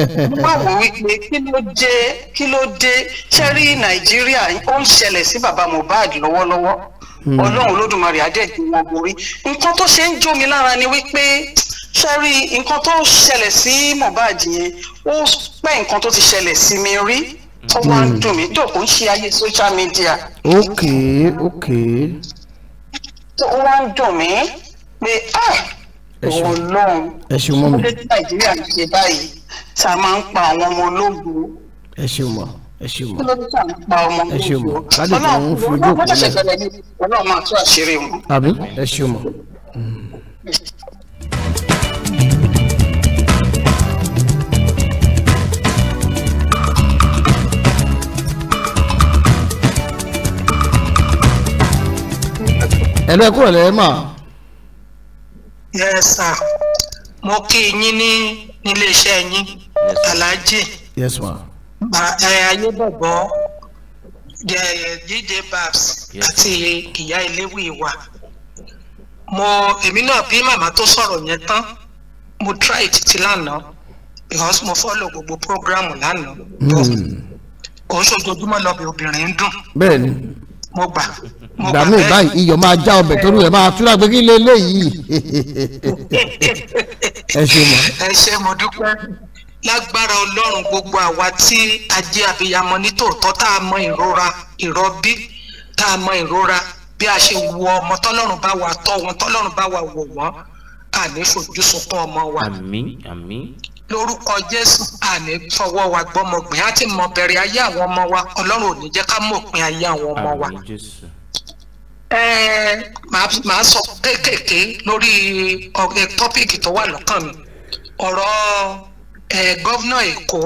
[LAUGHS] wọ́n wò wípé kí ló dé kí ló dé ṣẹ́rí Nàìjíríà ó ń ṣẹlẹ̀ sí bàbá Mohbad lọ́wọ́lọ́wọ́. Hmm. ọlọ́run olódùmarè àdẹ́gbẹ́ wọn borí nǹkan tó ṣe ń jó mi lára ni wípé ṣẹ́rí nǹkan tó ṣẹlẹ̀ sí Mohbad yẹn ó pẹ́ nǹkan tó ti ṣẹlẹ̀ sí mi rí ó wá ń hmm. dùn mí tó kò ń ṣe ayé social media. ok ok. ó wá ń dùn mí pé ah ọlọ́run ẹ ṣe ṣe báyìí tá a máa ń pa àwọn ọmọ ológun. ẹ ṣe mọ́ ẹ ṣe mọ ẹ ṣe mọ láti fi wọn fojú òkú lẹ. ọlọ́run máa tún àṣírí wọn. àbí ẹ ṣe mọ. ẹlẹ́kùn ẹ̀lẹ́ mà. yes sir mo kí yín ní nílé iṣẹ́ yín aláàjì. yes ma. Eh, ayébọ̀bọ̀ eh, jíde babs àti ìyá eléwì wa mo èmi náà bí màmá tó sọ̀rọ̀ yẹn tán mo try títí lánàá because mo follow gbogbo program lánàá hmm. kò ń ṣojoojúmọ́ lọ́bẹ̀ obìnrin ń dùn. bẹ́ẹ̀ni mo gbà. ìgbà míì báyìí iyọ̀ máa já ọbẹ̀ torí ẹ̀ máa túra pé kí lè léyìí. [LAUGHS] ẹ ṣe mọ. ẹ ṣe mo dúpẹ́ lágbára ọlọ́run gbogbo àwa tí a jẹ́ abiyamọ nítòótọ́ tá a mọ ìrora ìrọbí tá a mọ ìrora bí a ṣe wo ọmọ tọ́lọ́run bá wa tọ́ wọn tọ́lọ́run bá wa wò wọ́n àní fojú sunkún ọmọ wa. àmín àmín. lórúkọ jésù àní fọwọ́ wa gbọ́mọgbìn á ti mọ bẹ̀rẹ̀ ayé àwọn ọmọ wa ọlọ́run ò ní jẹ́ ká mọ̀ òpin ayé àwọn ọmọ wa. àmín jésù màá sọ kéékèèké lórí tọ́píìkì tó wà lọ́kàn mi ọ̀rọ̀ gọ́vnà èkó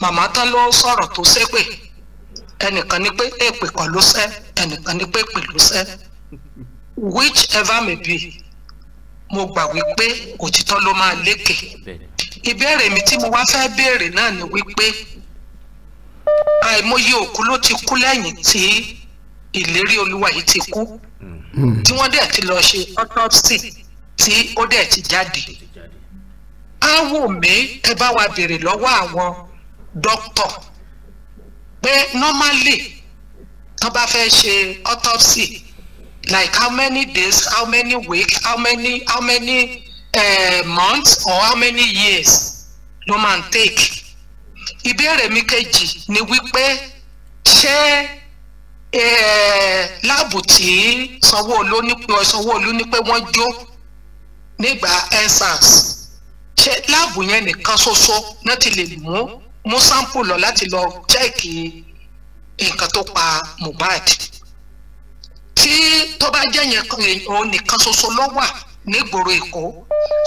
màmá tán ló sọ̀rọ̀ tó ṣépè ẹnìkan ní pé èpè kọ́ ló ṣẹ́ ẹnìkan ní pé èpè ló ṣẹ́ whichever may be mo gbà wípé òtítọ́ ló máa lékè ìbéèrè mi tí mo wá fẹ́ béèrè náà ni wípé àìmọye òkú ló ti kú lẹ́yìn tí ìlérí olúwa yìí ti kú hmm. tí wọ́n dẹ̀ ti lọ ṣe autopsy tí ó dẹ̀ ti jáde bá wù mí ẹ bá wa béèrè lọ́wọ́ àwọn dókítọ̀ pé normally tán bá fẹ́ ṣe autopsy like how many days how many weeks how many how many uh, months or how many years ló máa ń take ìbéèrè mi kejì ni wípé ṣé eh, láàbù tí Sanwó-Olú ní pé wọ́n jó nígbà ensars ṣe láàbù yẹn nìkan ṣoṣo náà ti lè mú mú sampo lọ láti lọ chẹ́ẹ̀kì nǹkan tó pa Mohbad tí tó bá jẹ́ yẹn òun nìkan ṣoṣo ló wà nígboro Èkó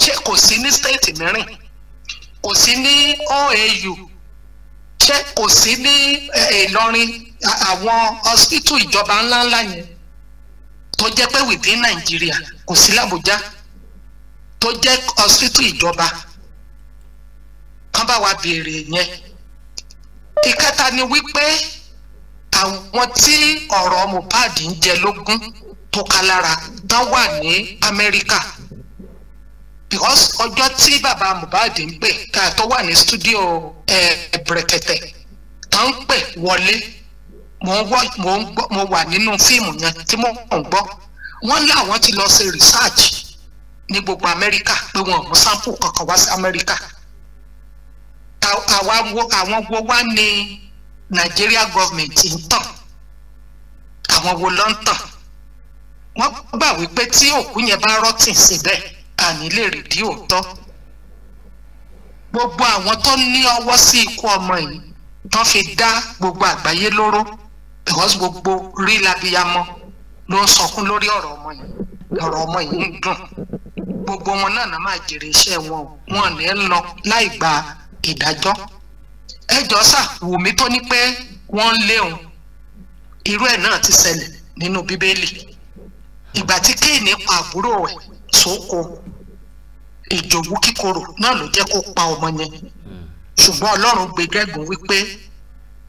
ṣé kò sí ní stéètì mìíràn kò sí ní OAU ṣé kò sí ní eh, Ìlọrin àwọn hospital ìjọba ńláńlá yẹn tó jẹ́ pé within Nàìjíríà kò sí l'Àbújá tó jẹ́ hospital ìjọba wọ́n bá wa béèrè yẹn ìkẹta ni wípé àwọn tí ọ̀rọ̀ Mohbad ń jẹ lógún tó kalára tán wà ní Amẹ́ríkà because ọjọ́ tí bàbá Mohbad ń pè ká tó wà ní studio Brekete tán ń pè wọlé mo wà nínú fíìmù yẹn tí mo ń gbọ́ wọ́n láwọn ti lọ ṣe research ní gbogbo Amẹ́ríkà pé wọn ò mú sample kankan wá sí Amẹ́ríkà àwọn wo wá ní Nigeria government ń tàn àwọn wo ló ń tàn wọ́n gbà wípé tí òkú yẹn bá rọ́tìn síbẹ̀ àní lè rí di òótọ́ gbogbo àwọn tó ní ọwọ́ sí ikú ọmọ yìí wọ́n fi dá gbogbo àgbáyé lóró because gbogbo rí labiyamọ ló ń sọkún lórí ọ̀rọ̀ ọmọ yìí ọ̀rọ̀ ọmọ yìí ń dùn gbogbo wọn náà máa jèrè iṣẹ́ wọn wọn ní lọ láì gba ìdájọ́ ẹjọ́ sà Wùmí tó ní pé wọ́n ń léun irú ẹ̀ náà ti ṣẹlẹ̀ nínú bíbélì ìgbà tí kéènì pa àbúrò ẹ̀ sóko ìjòwú kíkorò náà ló jẹ́ kó pa ọmọ yẹn ṣùgbọ́n Ọlọ́run gbé gẹ́gùn wípé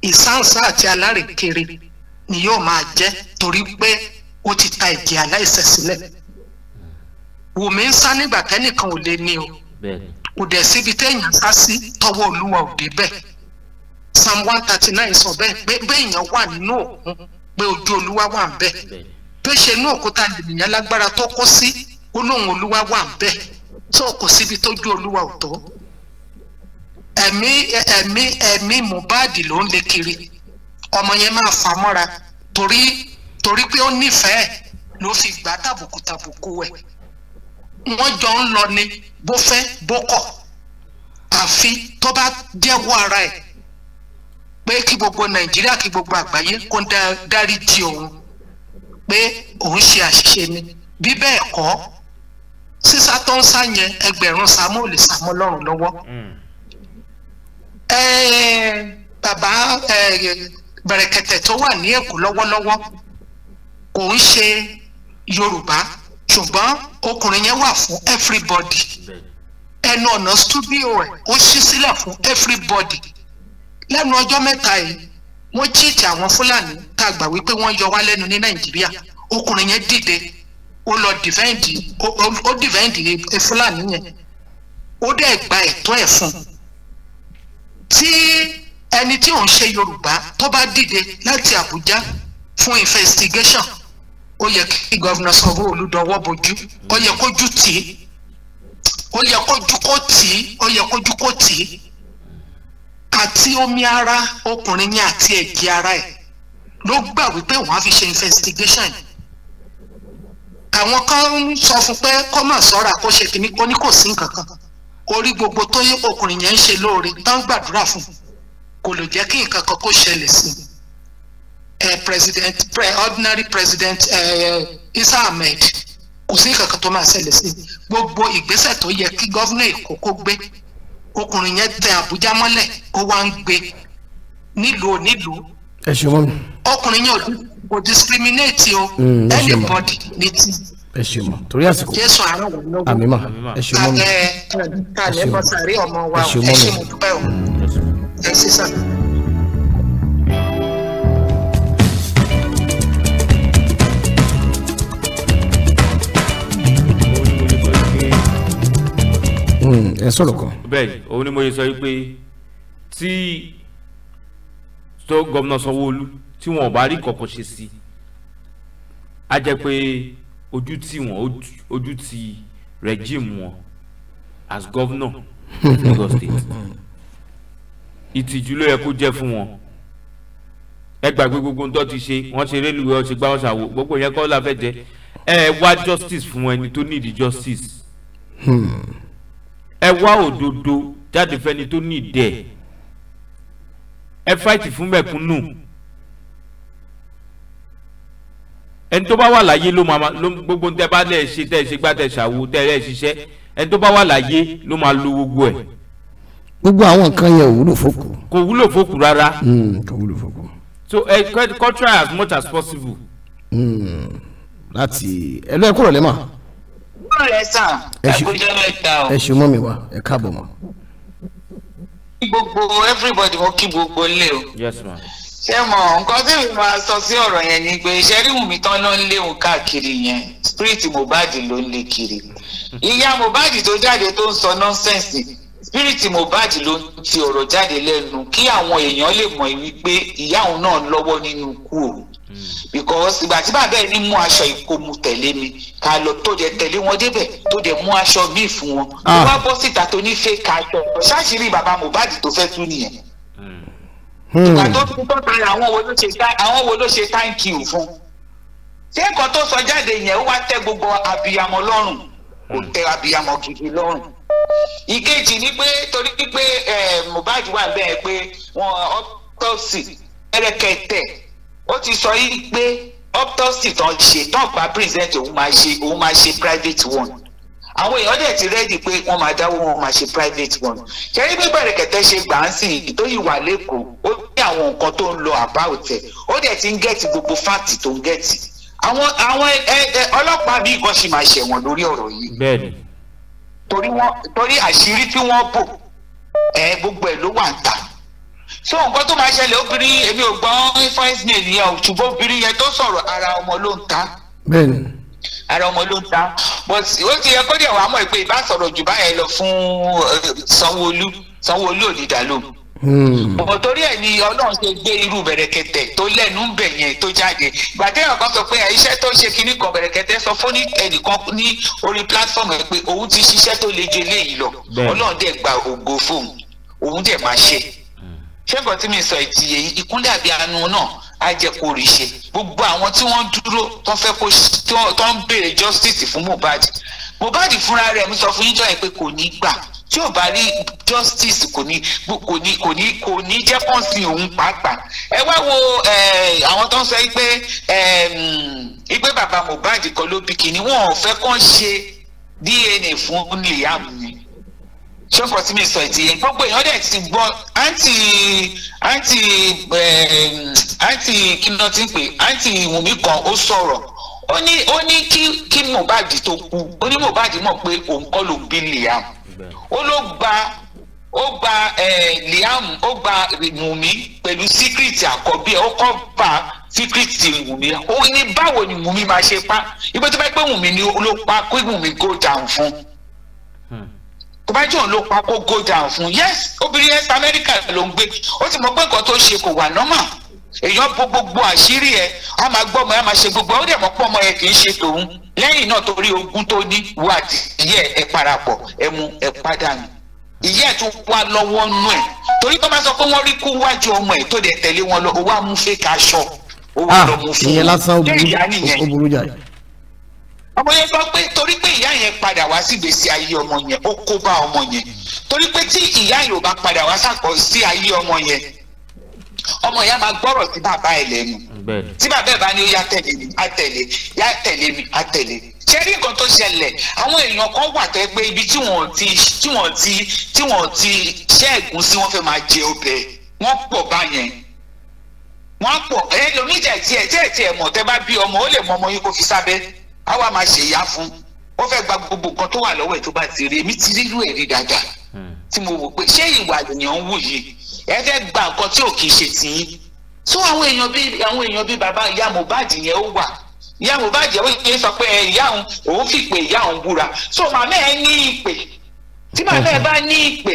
ìsáǹsá àti alárèkèrè ni yóò máa jẹ́ torí pé ó ti ta ẹ̀jẹ̀ aláìṣẹ̀ sílẹ̀ Wùmí ń sá nígbà tẹ́nìkan ò lè ní o kò dẹ̀ síbi téèyàn sá sí tọwọ́ olúwa ò bẹ́ẹ̀ psalm one thirty nine sọ bẹ́ẹ̀ pé béèyàn wà nínú òkun pé ojú olúwa wà ń bẹ̀ pé ṣe inú òkúta lènìyàn lágbára tó kó sí olóhùn olúwa wà ń bẹ̀ tó kò síbi tójú olúwa ò tó ẹ̀mí ẹ̀mí ẹ̀mí Mohbad ló ń lé kiri ọmọ yẹn máa fà mọ́ra torí torí pé ó nífẹ̀ẹ́ ló fi gbà tàbùkù tàbùkù ẹ̀ wọ́n jọ ń lọ ni bó fẹ́ bó kọ̀ àfi tó bá jẹ́wọ́ ara ẹ̀ pé kí gbogbo nàìjíríà kí gbogbo àgbáyé kó dárí jì òun pé òun ṣe àṣìṣe ni bí bẹ́ẹ̀ kọ́ sísá tó ń sá yẹn ẹgbẹ̀rún sámú ò lè sámú lọ́rùn lọ́wọ́ hmm. bàbá bẹ̀rẹ̀kẹ̀tẹ̀ tó wà ní èkó lọ́wọ́lọ́wọ́ kò ń ṣe yorùbá ṣùgbọ́n ọkùnrin yẹn wà fún everybody ẹnu ọ̀nà studio ẹ̀ ó ṣí sílẹ̀ fún everybody lẹ́nu ọjọ́ mẹ́ta yìí wọ́n chíìtì àwọn fúlàní tá a gbà wípé wọ́n yọ wá lẹ́nu ní nàìjíríà ọkùnrin yẹn dìde ó lọ dìvẹ́ǹdì ó dìvẹ́ǹdì e fúlàní yẹn ó dẹ̀ gba ẹ̀tọ́ ẹ̀ fún un tí ẹni tí òun ṣe yorùbá tó bá dìde láti àbújá fún investigation ó yẹ kí gọ́vùnà Sanwó-Olú dọwọ́ bojú ó yẹ kójú tì í ó yẹ kójú kó tì í ó yẹ kójú kó tì í àti omi ara ọkùnrin yẹn àti ẹ̀jẹ̀ ara ẹ̀ ló gbà wípé wọ́n á fi ṣe investigation àwọn kan ń sọ fún pé kó má sọ́ra kó ṣe kìíní kó ní kò sí nǹkan kan orí gbogbo tó yẹ ọkùnrin yẹn ń ṣe lóore tán gbàdúrà fún kò lè jẹ́ kí nǹkan kan kó ṣẹlẹ̀ sí i uh, president pre ordinary president uh, Isa Ahmed kò sí kankan tó máa ṣẹlẹ̀ sí gbogbo ìgbésẹ̀ tó yẹ kí gọ́vnà Èkó kó gbé ọkùnrin yẹn tẹ Àbújá mọ́lẹ̀ ó wá ń gbé nílùú nílùú ọkùnrin yẹn kò discriminate o mm, anybody ní ti ẹ ṣe mọ torí àsìkò jésù àárọ̀ wọn lọ́wọ́ àmì mà ẹ ṣe mọ mi ẹ ṣe mọ mi ẹ ṣe mọ mi ẹ ṣe mọ mi. Mm, ẹ sọ̀rọ̀ kan. bẹ́ẹ̀ òun ni mo yẹ sọ pé tí tó gómìnà sanwó-olu tí wọn ò bá rí kọ̀kọ̀ ṣe sí a jẹ́ pé ojú tì wọ́n ojú tì regime wọn as governor Lagos state ìtìjú ló yẹ kó jẹ́ fún wọn ẹ gbàgbé gbogbo nǹkan ti ṣe wọ́n ṣe rélùwé ọ̀ṣẹ̀ gbá ọ̀ṣà gbogbo yẹn kọ́ la fẹ́ jẹ ẹ wá justice fún ẹni tó nídìí justice. Hmm ẹ wá òdodo jáde fẹ́ni tó ní ìdẹ ẹ fáìtì fún mẹ̀kúnnù ẹni tó bá wà láyé ló máa ló gbogbo ń tẹ bá lẹ ṣe tẹ ṣe gbá tẹ ṣàwo tẹ ẹ ṣiṣẹ́ ẹni tó bá wà láyé ló máa lo gbogbo ẹ. gbogbo àwọn nǹkan yẹn ò wúlò fókù. kò wúlò fókù rárá. Hmm, kò wúlò fókù. so ẹ kọ́ try as much as possible. Hmm, láti ẹ lọ ẹ kúrò lẹ́mọ̀ orúkọ rẹ sàn ẹkújọ mẹ́ta o. ẹ ṣe mọ́ mi wá ẹ káàbọ̀ mọ́. gbogbo everybody mo kí gbogbo lé o. yes ma. ṣé mo nǹkan tí mi máa sọ sí ọ̀rọ̀ yẹn ni pé iṣẹ́ ríhùn mi tán náà ń léwu káàkiri yẹn spirit Mohbad ló ń lé kiri ìyá Mohbad tó jáde tó ń sọ nọ́nsẹ̀nsì spirit Mohbad ló ń ti ọ̀rọ̀ jáde lẹ́nu kí àwọn èèyàn lè mọ̀ wípé ìyá òun náà lọ́wọ́ nínú ikú o because ìgbà tí bàbá ẹni mú aṣọ ìkómú tẹ̀lé mi ká lọ tó dẹ tẹ̀lé wọn débẹ̀ tó dẹ mú aṣọ míì fún wọn ah. tó wá bọ́ síta tó ní fẹ́ ka aṣọ ṣáṣírí bàbá Mohbad tó fẹ́ tún nìyẹn hmm. ìgbà tó tún tọ́ ta àwọn wo ló ṣe àwọn wo ló ṣe thank you fún ṣé nǹkan tó sọ jáde yẹn ó wá tẹ́ gbogbo abiyamọ lọ́rùn kò tẹ́ abiyamọ gidi lọ́rùn ìkejì ni pé torí pé eh, Mohbad wà bẹ́ẹ̀ pé wọn autopsy ẹrẹ́kẹ̀tẹ̀ ó ti sọ yìí pé autopsy tán ṣe tán bá present òun máa ṣe òun máa ṣe private one àwọn èèyàn dẹ̀ ti rẹ́dì pé wọ́n máa dáwọ́ wọn máa ṣe private one ṣẹ́rí pé Bẹ̀rẹ̀kẹ̀tẹ̀ ṣe gbà ń sìn tó yìí wà lẹ́kọ̀ọ́ ó ní àwọn nǹkan tó ń lọ about ẹ̀ ó dẹ̀ ti ń gẹ̀tì gbogbo fáàtì tó ń gẹ̀tì àwọn àwọn ọlọ́pàá bí nǹkan ṣì máa ṣẹ̀wọ̀n lórí ọ̀rọ̀ yìí bẹ́ẹ̀ni torí àṣírí tí wọ́n bò ẹ̀ gbogbo ẹ̀ ló wà ń ta so nǹkan tó máa ṣẹlẹ̀ obìnrin èmi ò gbọ́n first name yẹn o ṣùgbọ́n obìnrin yẹn tó sọ̀rọ̀ ara ọmọ ló ń ta. bẹ́ẹ̀ni. ara ọmọ ló ń ta but ó ti yẹ kó dẹ̀ wàá mọ̀ pé ìbá sọ̀rọ̀ jù báyẹn lọ fún sanwóolu eh, sanwóolu onídàálò. Hmm. bọ̀ torí ẹ̀ ni ọlọ́run ṣe gbé irú bẹ̀rẹ̀kẹ̀tẹ̀ tó lẹ́nu ń bẹ̀ yẹn tó jáde ìgbà téèyàn kan sọ pé iṣẹ́ tó ṣe kinní kan bẹ̀rẹ̀kẹ̀tẹ̀ sọ fún ẹnìkan ní orí platform pé òun ti ṣiṣẹ́ tó le ju eléyìí lọ ọlọ́run dẹ̀ gba ògo fóun òun dẹ̀ máa ṣe ṣé nǹkan tí mi sọ ìtì yèyí ìkúnlẹ̀ àbí àánú náà á jẹ́ kó rí ṣe gbogbo àwọn tí wọ́n dúró tó fẹ́ kó tó ń béèrè justice fún Mohbad Mohbad fúnra rẹ̀ mi sọ fún yín jọyìn pé kò ní gbà tí ò bá rí justice kò ní kò ní kò ní kò ní jẹ́ kọ́ǹsìn òun pàápàá ẹ wá wo àwọn tó ń sọ pé pé bàbá Mohbad kọ́ ló bí kìíní wọn ò fẹ́ kàn ṣe DNA fún Liam ni ṣọkọ tí mi sọ ẹ ti yẹ gbogbo èèyàn dẹ̀ ti gbọ́ àǹtí àǹtí àǹtí kí ni wọ́n ti ń pè àǹtí Wùmí kan ó sọ̀rọ̀ ó ní ó ní kí kí Mohbad tó kú ó ní Mohbad mọ̀ pé òun kọ́ ló bí Liam ó ló gba ó gba Liam ó gba Wùmí pẹ̀lú síkírìtì àkọ́bí ẹ̀ ó kọ́ bá síkírìtì Wùmí ó ní báwo ni Wùmí máa ṣe pa ibi tó bá pẹ́ Wùmí ni ló pa kí Wùmí go down fún un tó bá jọ̀ọ́ ló pa kó go down fún yes obìnrin yes Amẹ́ríkà ló ń gbé ó ti mọ pé nǹkan tó ṣe kò wà normal èèyàn bo gbogbo àṣírí ẹ a máa gbọ́ ọmọ ẹ a máa ṣe gbogbo ó dẹ̀ mọ́ pọ́ ọmọ ẹ kì í ṣe tòun lẹ́yìn náà torí ogún tó ní wà díẹ̀ ẹ parapọ̀ ẹ mú ẹ pàdánù ìyá ẹ̀ tún wá lọ́wọ́ nú ẹ̀ torí tó máa sọ pé wọ́n rí kú wájú ọmọ ẹ̀ tó dẹ̀ tẹ̀lé wọn lọ owó amúfẹ́ kaṣọ owó lọ́mú fún un ọmọ yẹn gbọ́ pé torí pé ìyá yẹn padà wá sí ìgbésí ayé ọmọ yẹn ó kó bá ọmọ yẹn torí pé tí ìyá yìí ò bá padà wá sàkọ sí ayé ọmọ yẹn ọmọ yẹn máa gbọ́rọ̀ sí bàbá ẹ̀ lẹ́nu tí bàbá ẹ̀ bá ní ó yá tẹ̀lé mi á tẹ̀lé yá tẹ̀lé mi á tẹ̀lé ṣe rí nǹkan tó ṣẹlẹ̀ àwọn èèyàn kan wà tẹ́ pé ibi tí wọ́n ti tí wọ́n ti tí wọ́n ti ṣẹ́ẹ̀gùn sí wọ́n fẹ́ máa jẹ ọbẹ̀ wọ́n pọ̀ báyẹn wọ́n pọ̀ ẹ̀ lómi jẹ̀ tiẹ̀ tiẹ̀ tiẹ̀ mọ̀ tẹ́ bá bí ọmọ ó lè mọ ọmọ yín kó fi sábẹ́ á wá máa ṣèyá fún ó fẹ́ gba gbogbo nǹkan tó wà lọ́wọ́ ẹ̀ tó bá ti rí èmi ti rírú ẹ̀ rí dáadáa hmm. tí mo wò pé ṣé ìwà ènìyàn ń wù yìí ẹ fẹ́ gba nǹkan tí ò kì í ṣe tìyín tó àwọn èèyàn bíi àwọn èèyàn bíi bàbá ìyá Mohbad yẹn ó wà ìyá Mohbad yẹn ó yẹ sọ pé ìyá òun òun fìpè ìyá òun búra so màmá ẹ ní ìpè tí màmá ẹ hmm. bá ní ìpè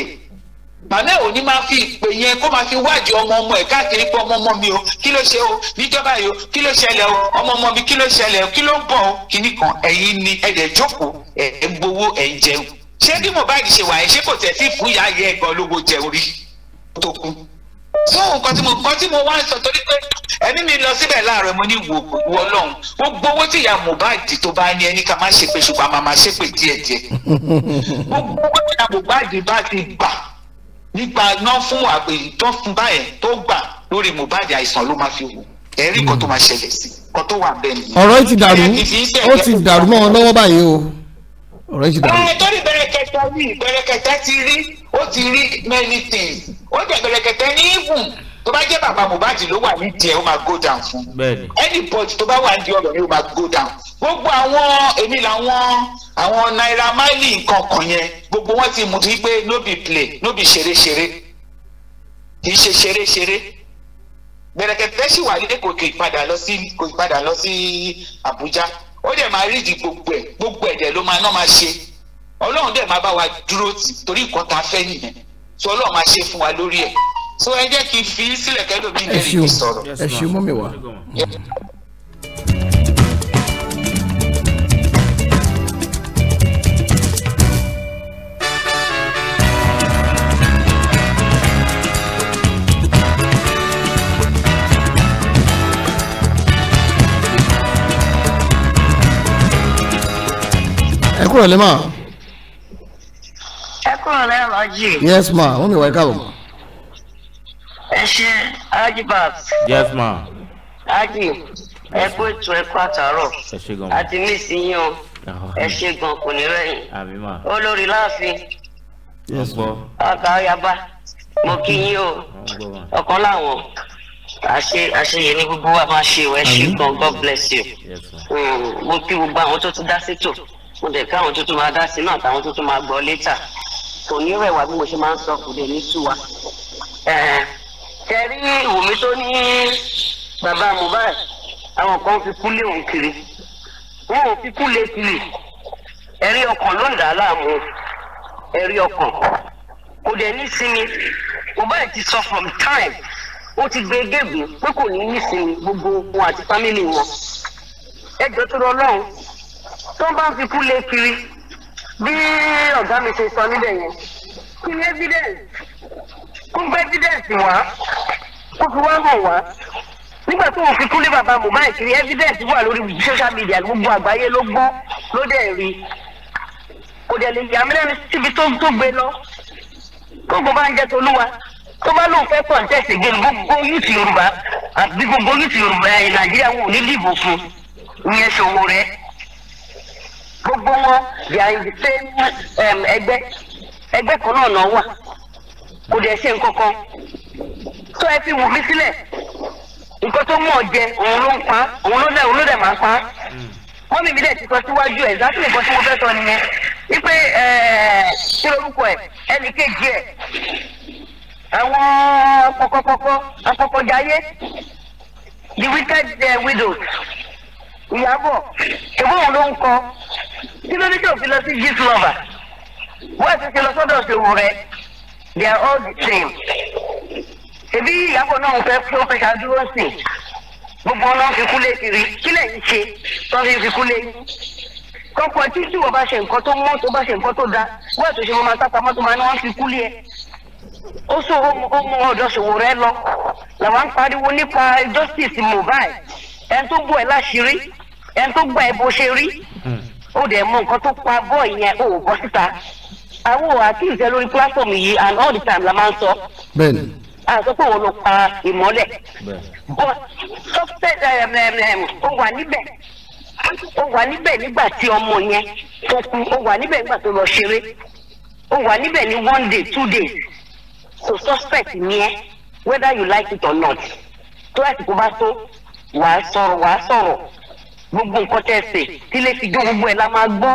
bàbá ò ní máa fi ìpè yẹn kó máa fi wádìí ọmọ ọmọ ẹ káàkiri pé ọmọ ọmọ mi o kí ló ṣe o níjọba yìí o kí ló ṣẹlẹ̀ o ọmọ ọmọ mi kí ló ṣẹlẹ̀ o kí ló ń bọ̀ o kíní kan ẹ̀yin ni ẹdẹ jókòó ẹ ń gbowó ẹ ń jẹun ṣé bí Mohbad ṣe wà ẹ ṣé kò tẹ̀ sí fún ìyá yẹ ẹ̀gbọ́n olówó jẹ orí tó kú. fún nǹkan tí mo nǹkan tí mo wá ń sọ torí pé ẹni mi lọ síbẹ̀ láàárọ̀ mo ní wò wọ lọ́hùn ó gbowó tí ìyá Mohbad tó bá ní ẹni ká má ṣe pé ṣùgbọ́n a máa nígbà náà fún àpè tó fún báyẹn tó gbà lórí Mohbad àìsàn ló máa fi wò ẹ̀rí kan tó máa ṣẹlẹ̀ sí kan tó wà bẹ́ẹ̀ nìyẹn. ọ̀rọ̀ yìí ti dàrú ó ti dàrú mọ́ wọn lọ́wọ́ báyìí o ọ̀rọ̀ yìí ti dàrú. ẹ torí bẹ̀rẹ̀kẹ̀tẹ̀ ní bẹ̀rẹ̀kẹ̀tẹ̀ ti rí ó ti rí many things ó jẹ́ bẹ̀rẹ̀kẹ̀tẹ̀ ní even tó bá jẹ́ bàbá Mohbad ló wà nídìí ẹ̀ ó máa go down fún anybody tó bá wà nídìí ọ̀rọ̀ yẹn ó máa go down gbogbo àwọn èmi làwọn àwọn Naira Marley nǹkan kan yẹn gbogbo wọn ti mú ti pé no be play no be ṣeréṣeré kì í ṣe ṣeréṣeré gbẹrẹkẹtẹ sì wà nílé kò kì í padà lọ sí kò í padà lọ sí Àbújá ó dẹ̀ máa rídìí gbogbo ẹ̀ gbogbo ẹ̀ dẹ̀ ló máa ná máa ṣe Ọlọ́run dẹ̀ máa bá wa dúró tì torí nǹkan tá a fẹ́ nìyẹn tí Ọlọ́run máa ṣe fún wa lórí ẹ̀ so ẹ jẹ́ kí n fi sílẹ̀ kẹ́lò mi lè rí sọ̀rọ̀. ẹ ṣe mọ́ mi wá. ẹ kúrò lẹ́mọ̀. ẹ kúrò lẹ́mọ̀ jì. yes ma wọ́n mi wá ẹ káàbọ̀ ẹ ṣe ajibas. yes ma. aji ẹ kó ètò ẹ kó àtàárọ̀ àti mí sí yín o ẹ ṣe gan kò ní rẹ̀yìn olórí láàfin ọkà ọyàbá mo kí yín o ọkàn láwọn àṣe àṣeyẹ ní gbogbo wa máa ṣe ìwẹ̀ ṣe gan god bless you hmm, mo kí gbogbo àwọn tó tún dá sí tò mo dẹ̀ káwọn tó tún máa dá sí náà àtàwọn tó tún máa gbọ́ létà kò ní rẹ̀wà bí mo ṣe máa ń sọ kò dé ní sú ṣe rí Wùmí tó ní bàbá Mohbad àwọn kan fi kúlé òun kiri wọn ò fi kúlé kiri ẹ̀rí ọkàn ló ń dà á láàmú ẹ̀rí ọkàn kò dẹ̀ ní sinmi Mohbad ti sọ from time ó ti gbé gègùn pé kò ní ní sinmi gbogbo wọn àti fámìlì wọn ẹjọ́ tó lọ lọ́hùn tó bá ń fi kúlé kiri bí ọ̀gá mi ṣe sọ níbẹ̀ yẹn kí ni evidence kó gbé evidence wá kó fi wá hàn wá nígbà tó o fi kúnlé bàbá Mohbad kiri evidence wà lórí social media gbogbo àgbáyé ló gbọ́ ló dẹ̀ rí kò dẹ̀ lè yàmí lẹ́nu síbi tó tó gbé lọ gbogbo bá ń jẹ́ tolúwa tó bá lóun fẹ́ contest again gbogbo youth Yorùbá àbí gbogbo youth Yorùbá ẹ̀ Nàìjíríà wọn ò ní dìbò fún ìyẹn ṣòwò rẹ gbogbo wọn yà um, ẹgbẹ́ ẹgbẹ́ kan náà náà wà kò dẹ̀ ṣe nǹkan kan tó ẹ fi wù mí sílẹ̀ nǹkan tó mọ̀ jẹ òun ló ń pa òun ló dẹ̀ òun ló dẹ̀ máa pa wọ́n mímí dẹ̀ ti sọ síwájú ẹ̀ exactly nǹkan tí mo fẹ́ sọ nìyẹn wípé ṣé lórúkọ ẹ̀ ẹnì kejì ẹ̀ àwọn kọ̀kọ̀kọ̀kọ̀ akọ̀kọ̀jáyé the wicked uh, widows ìyàbọ̀ ìbú òun ló ń kọ kí ló ní kí òfin lọ sí gist lover wọ́n ti ti lọ sọ́dọ̀ ṣòwò rẹ̀. they are all the same ebi ìyàbọ̀ náà fẹ́ fún ọ̀fẹ́sà dúró sí gbogbo ọ̀nà fi kiri kí lẹ́yìn ṣe tó fi fi kúlẹ̀ kọ́kọ́ tí wọ́n bá ṣe nǹkan tó mọ́ tó bá ṣe tó da wọ́n ètò ìṣòro máa tó máa ní wọ́n fi kúlẹ̀ ẹ̀ ó sọ ó mú ṣòwò rẹ lọ làwọn ń pariwo justice Mobile, ẹni tó láṣìírí ẹni tó gbà bó ṣe rí hmm. tó pa àwọn ò accuse lórí platform yìí and all the time la máa ń sọ. bẹ́ẹ̀ni. a sọ pé òun ló pa ìmọ́lẹ̀. but sọ́fẹ́ um, um, um, ó wà níbẹ̀ ó wà níbẹ̀ nígbà tí ọmọ yẹn tó kú ó wà níbẹ̀ nígbà tó lọ ṣeré ó wà níbẹ̀ ní one day two days so suspect ni ẹ whether you like it or not tó àsìkò bá tó wàá sọ̀rọ̀ wàá sọ̀rọ̀ gbogbo nǹkan tẹ̀ ṣe tí fi jó gbogbo ẹ̀ la máa gbọ́.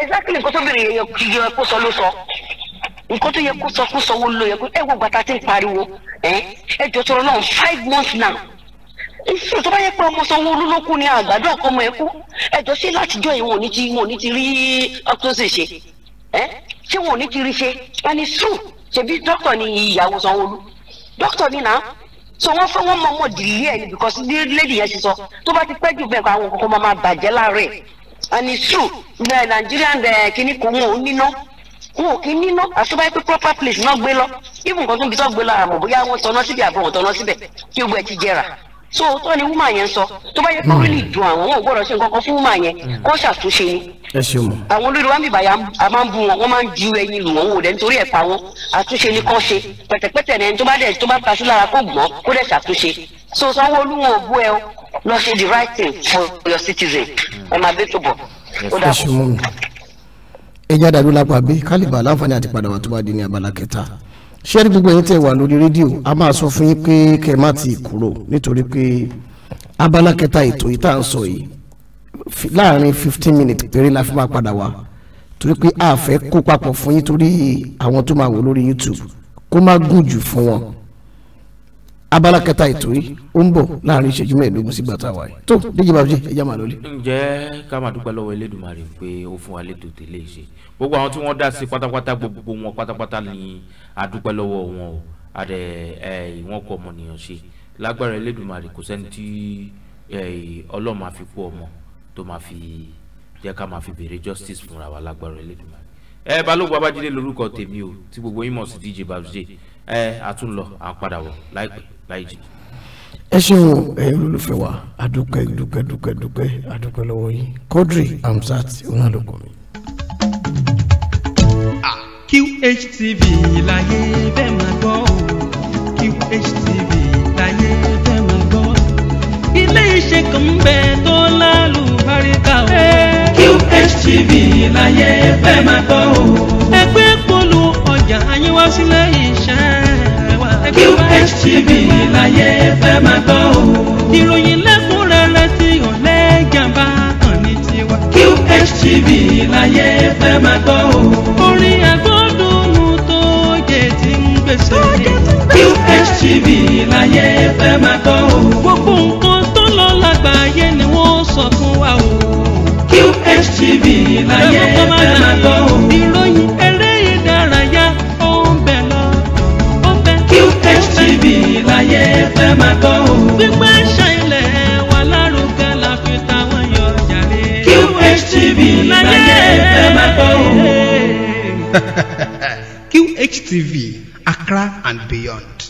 exactly nǹkan tó bèrè yẹ kí sọ ló sọ nǹkan yẹ sọ kó sanwó yẹ kó ẹ wo pariwo ẹ ẹ jọ náà five months now ìṣòro tó bá yẹ pé ọmọ sanwó-olú àgbàdo àkọmọ ẹ kú ṣe ẹ ṣé wọn ni ìyàwó sanwó-olú dókítà ni náà so wọn wọn mọ ọmọ dìlí ẹ ni because lady yẹn sọ tó bá ti jù kó àwọn kókó máa bàjẹ́ láàárẹ̀ and it's true the Nigerian eh, kìíní kò wọn ò níná wọn ò kí proper place náà gbé lọ even nǹkan tó ń bí tó wọn tọ́ná síbẹ̀ àbọ̀ ti so òótọ́ ni woman yẹn sọ tó bá yẹ kó rí lè dùn àwọn wọn ò gbọ́dọ̀ ṣe nǹkan kan fún woman yẹn kó ṣàtúnṣe ni. ẹ ṣe mọ. àwọn olórí wa ń bìbà a máa ń bu wọn wọn máa ń ju ẹyin lù wọn wò lẹ nítorí ẹ pa wọn àtúnṣe ni kán ṣe pẹ̀tẹ̀pẹ̀tẹ̀ rẹ tó bá dẹ tó bá tasí lára kó gbọ́n kó dẹ ṣàtúnṣe so Sanwó-Olú wọn ò bú ẹ o lọ ṣe the right thing for your citizen ẹ máa bẹ́tò bọ̀ ó dà bọ̀. ẹ jáde àdúrà pàbí kálíbà láǹfààní àti padà wà tó bá di ní abala kẹta ṣé ní gbogbo yẹn tẹ̀ wà lórí rédíò a máa sọ fún yín pé kẹ́ ẹ má ti kúrò nítorí pé abala kẹta ètò yìí tá à ń sọ yìí láàrin fifteen minutes péré la fi máa padà wá torí pé a fẹ́ kó papọ̀ fún yín torí àwọn tó máa wò lórí YouTube kó má gùn jù fún wọn abala kẹta ètò yìí ó ń bọ̀ láàrin ìṣẹ́jú mẹ́ẹ̀ẹ́dógún sí gbàtà wa yìí tó díje babuji ẹ̀já màá lórí. ǹjẹ́ ká máa dúpẹ́ lọ́wọ́ Elédùmarè pé ó fún wa létò tẹ́lẹ̀ ṣe gbogbo àwọn tí wọ́n dá sí pátápátá gbogbo wọn pátápátá ni a dúpẹ́ lọ́wọ́ wọn o àdẹ ẹ̀ ìwọ̀n kọ ọmọnìyàn ṣe lágbára Elédùmarè kò sẹ́ni tí Ọlọ́run fi kú ọmọ tó máa fi jẹ́ ká máa fi justice fúnra wa lágbára Elédùmarè ẹ Balógun Babájídé lórúkọ tèmi o tí gbogbo yín mọ̀ sí díje babuji ẹ àtúnlọ àpadàbọ̀ láìpẹ́ láì jì. ẹ ṣeun ẹ̀yin olólùfẹ́ wa adúpẹ́ dúpẹ́ dúpẹ́ dúpẹ́ adúpẹ́ lọ́wọ́ yín Quadri Hamzat onálòkọ mi. QHTV láyé bẹ́ẹ̀ máa gbọ́ QHTV láyé bẹ́ẹ̀ máa gbọ́ ilé iṣẹ́ kan ń bẹ tó lálùbáríkà o. QHTV láyé bẹ́ẹ̀ máa gbọ́ o. ẹgbẹ́ polu ọjà ayé wá sílẹ̀ iṣẹ́. QHTV láyé fẹ́ máa gbọ́ o. ìròyìn lẹ́kùnrẹ́rẹ́ tí ọ̀lẹ́ jàmbá kan ní tiwa. QHTV láyé fẹ́ máa gbọ́ o. orin agbódùnmù tó jẹ ti ń gbèsè. QHTV láyé fẹ́ máa gbọ́ o. gbogbo nǹkan tó lọ lágbàáyé ni wọ́n sọ fún wa o. QHTV láyé fẹ́ máa gbọ́ o. ìròyìn ẹ̀ níbí láyé fẹ́ máa kọ́ o. gbígbé ṣe ilẹ̀ lárugẹ la fi táwọn yọ jàre. QHTV láyé fẹ́ máa kọ́ o. [LAUGHS] QHTV Accra and beyond.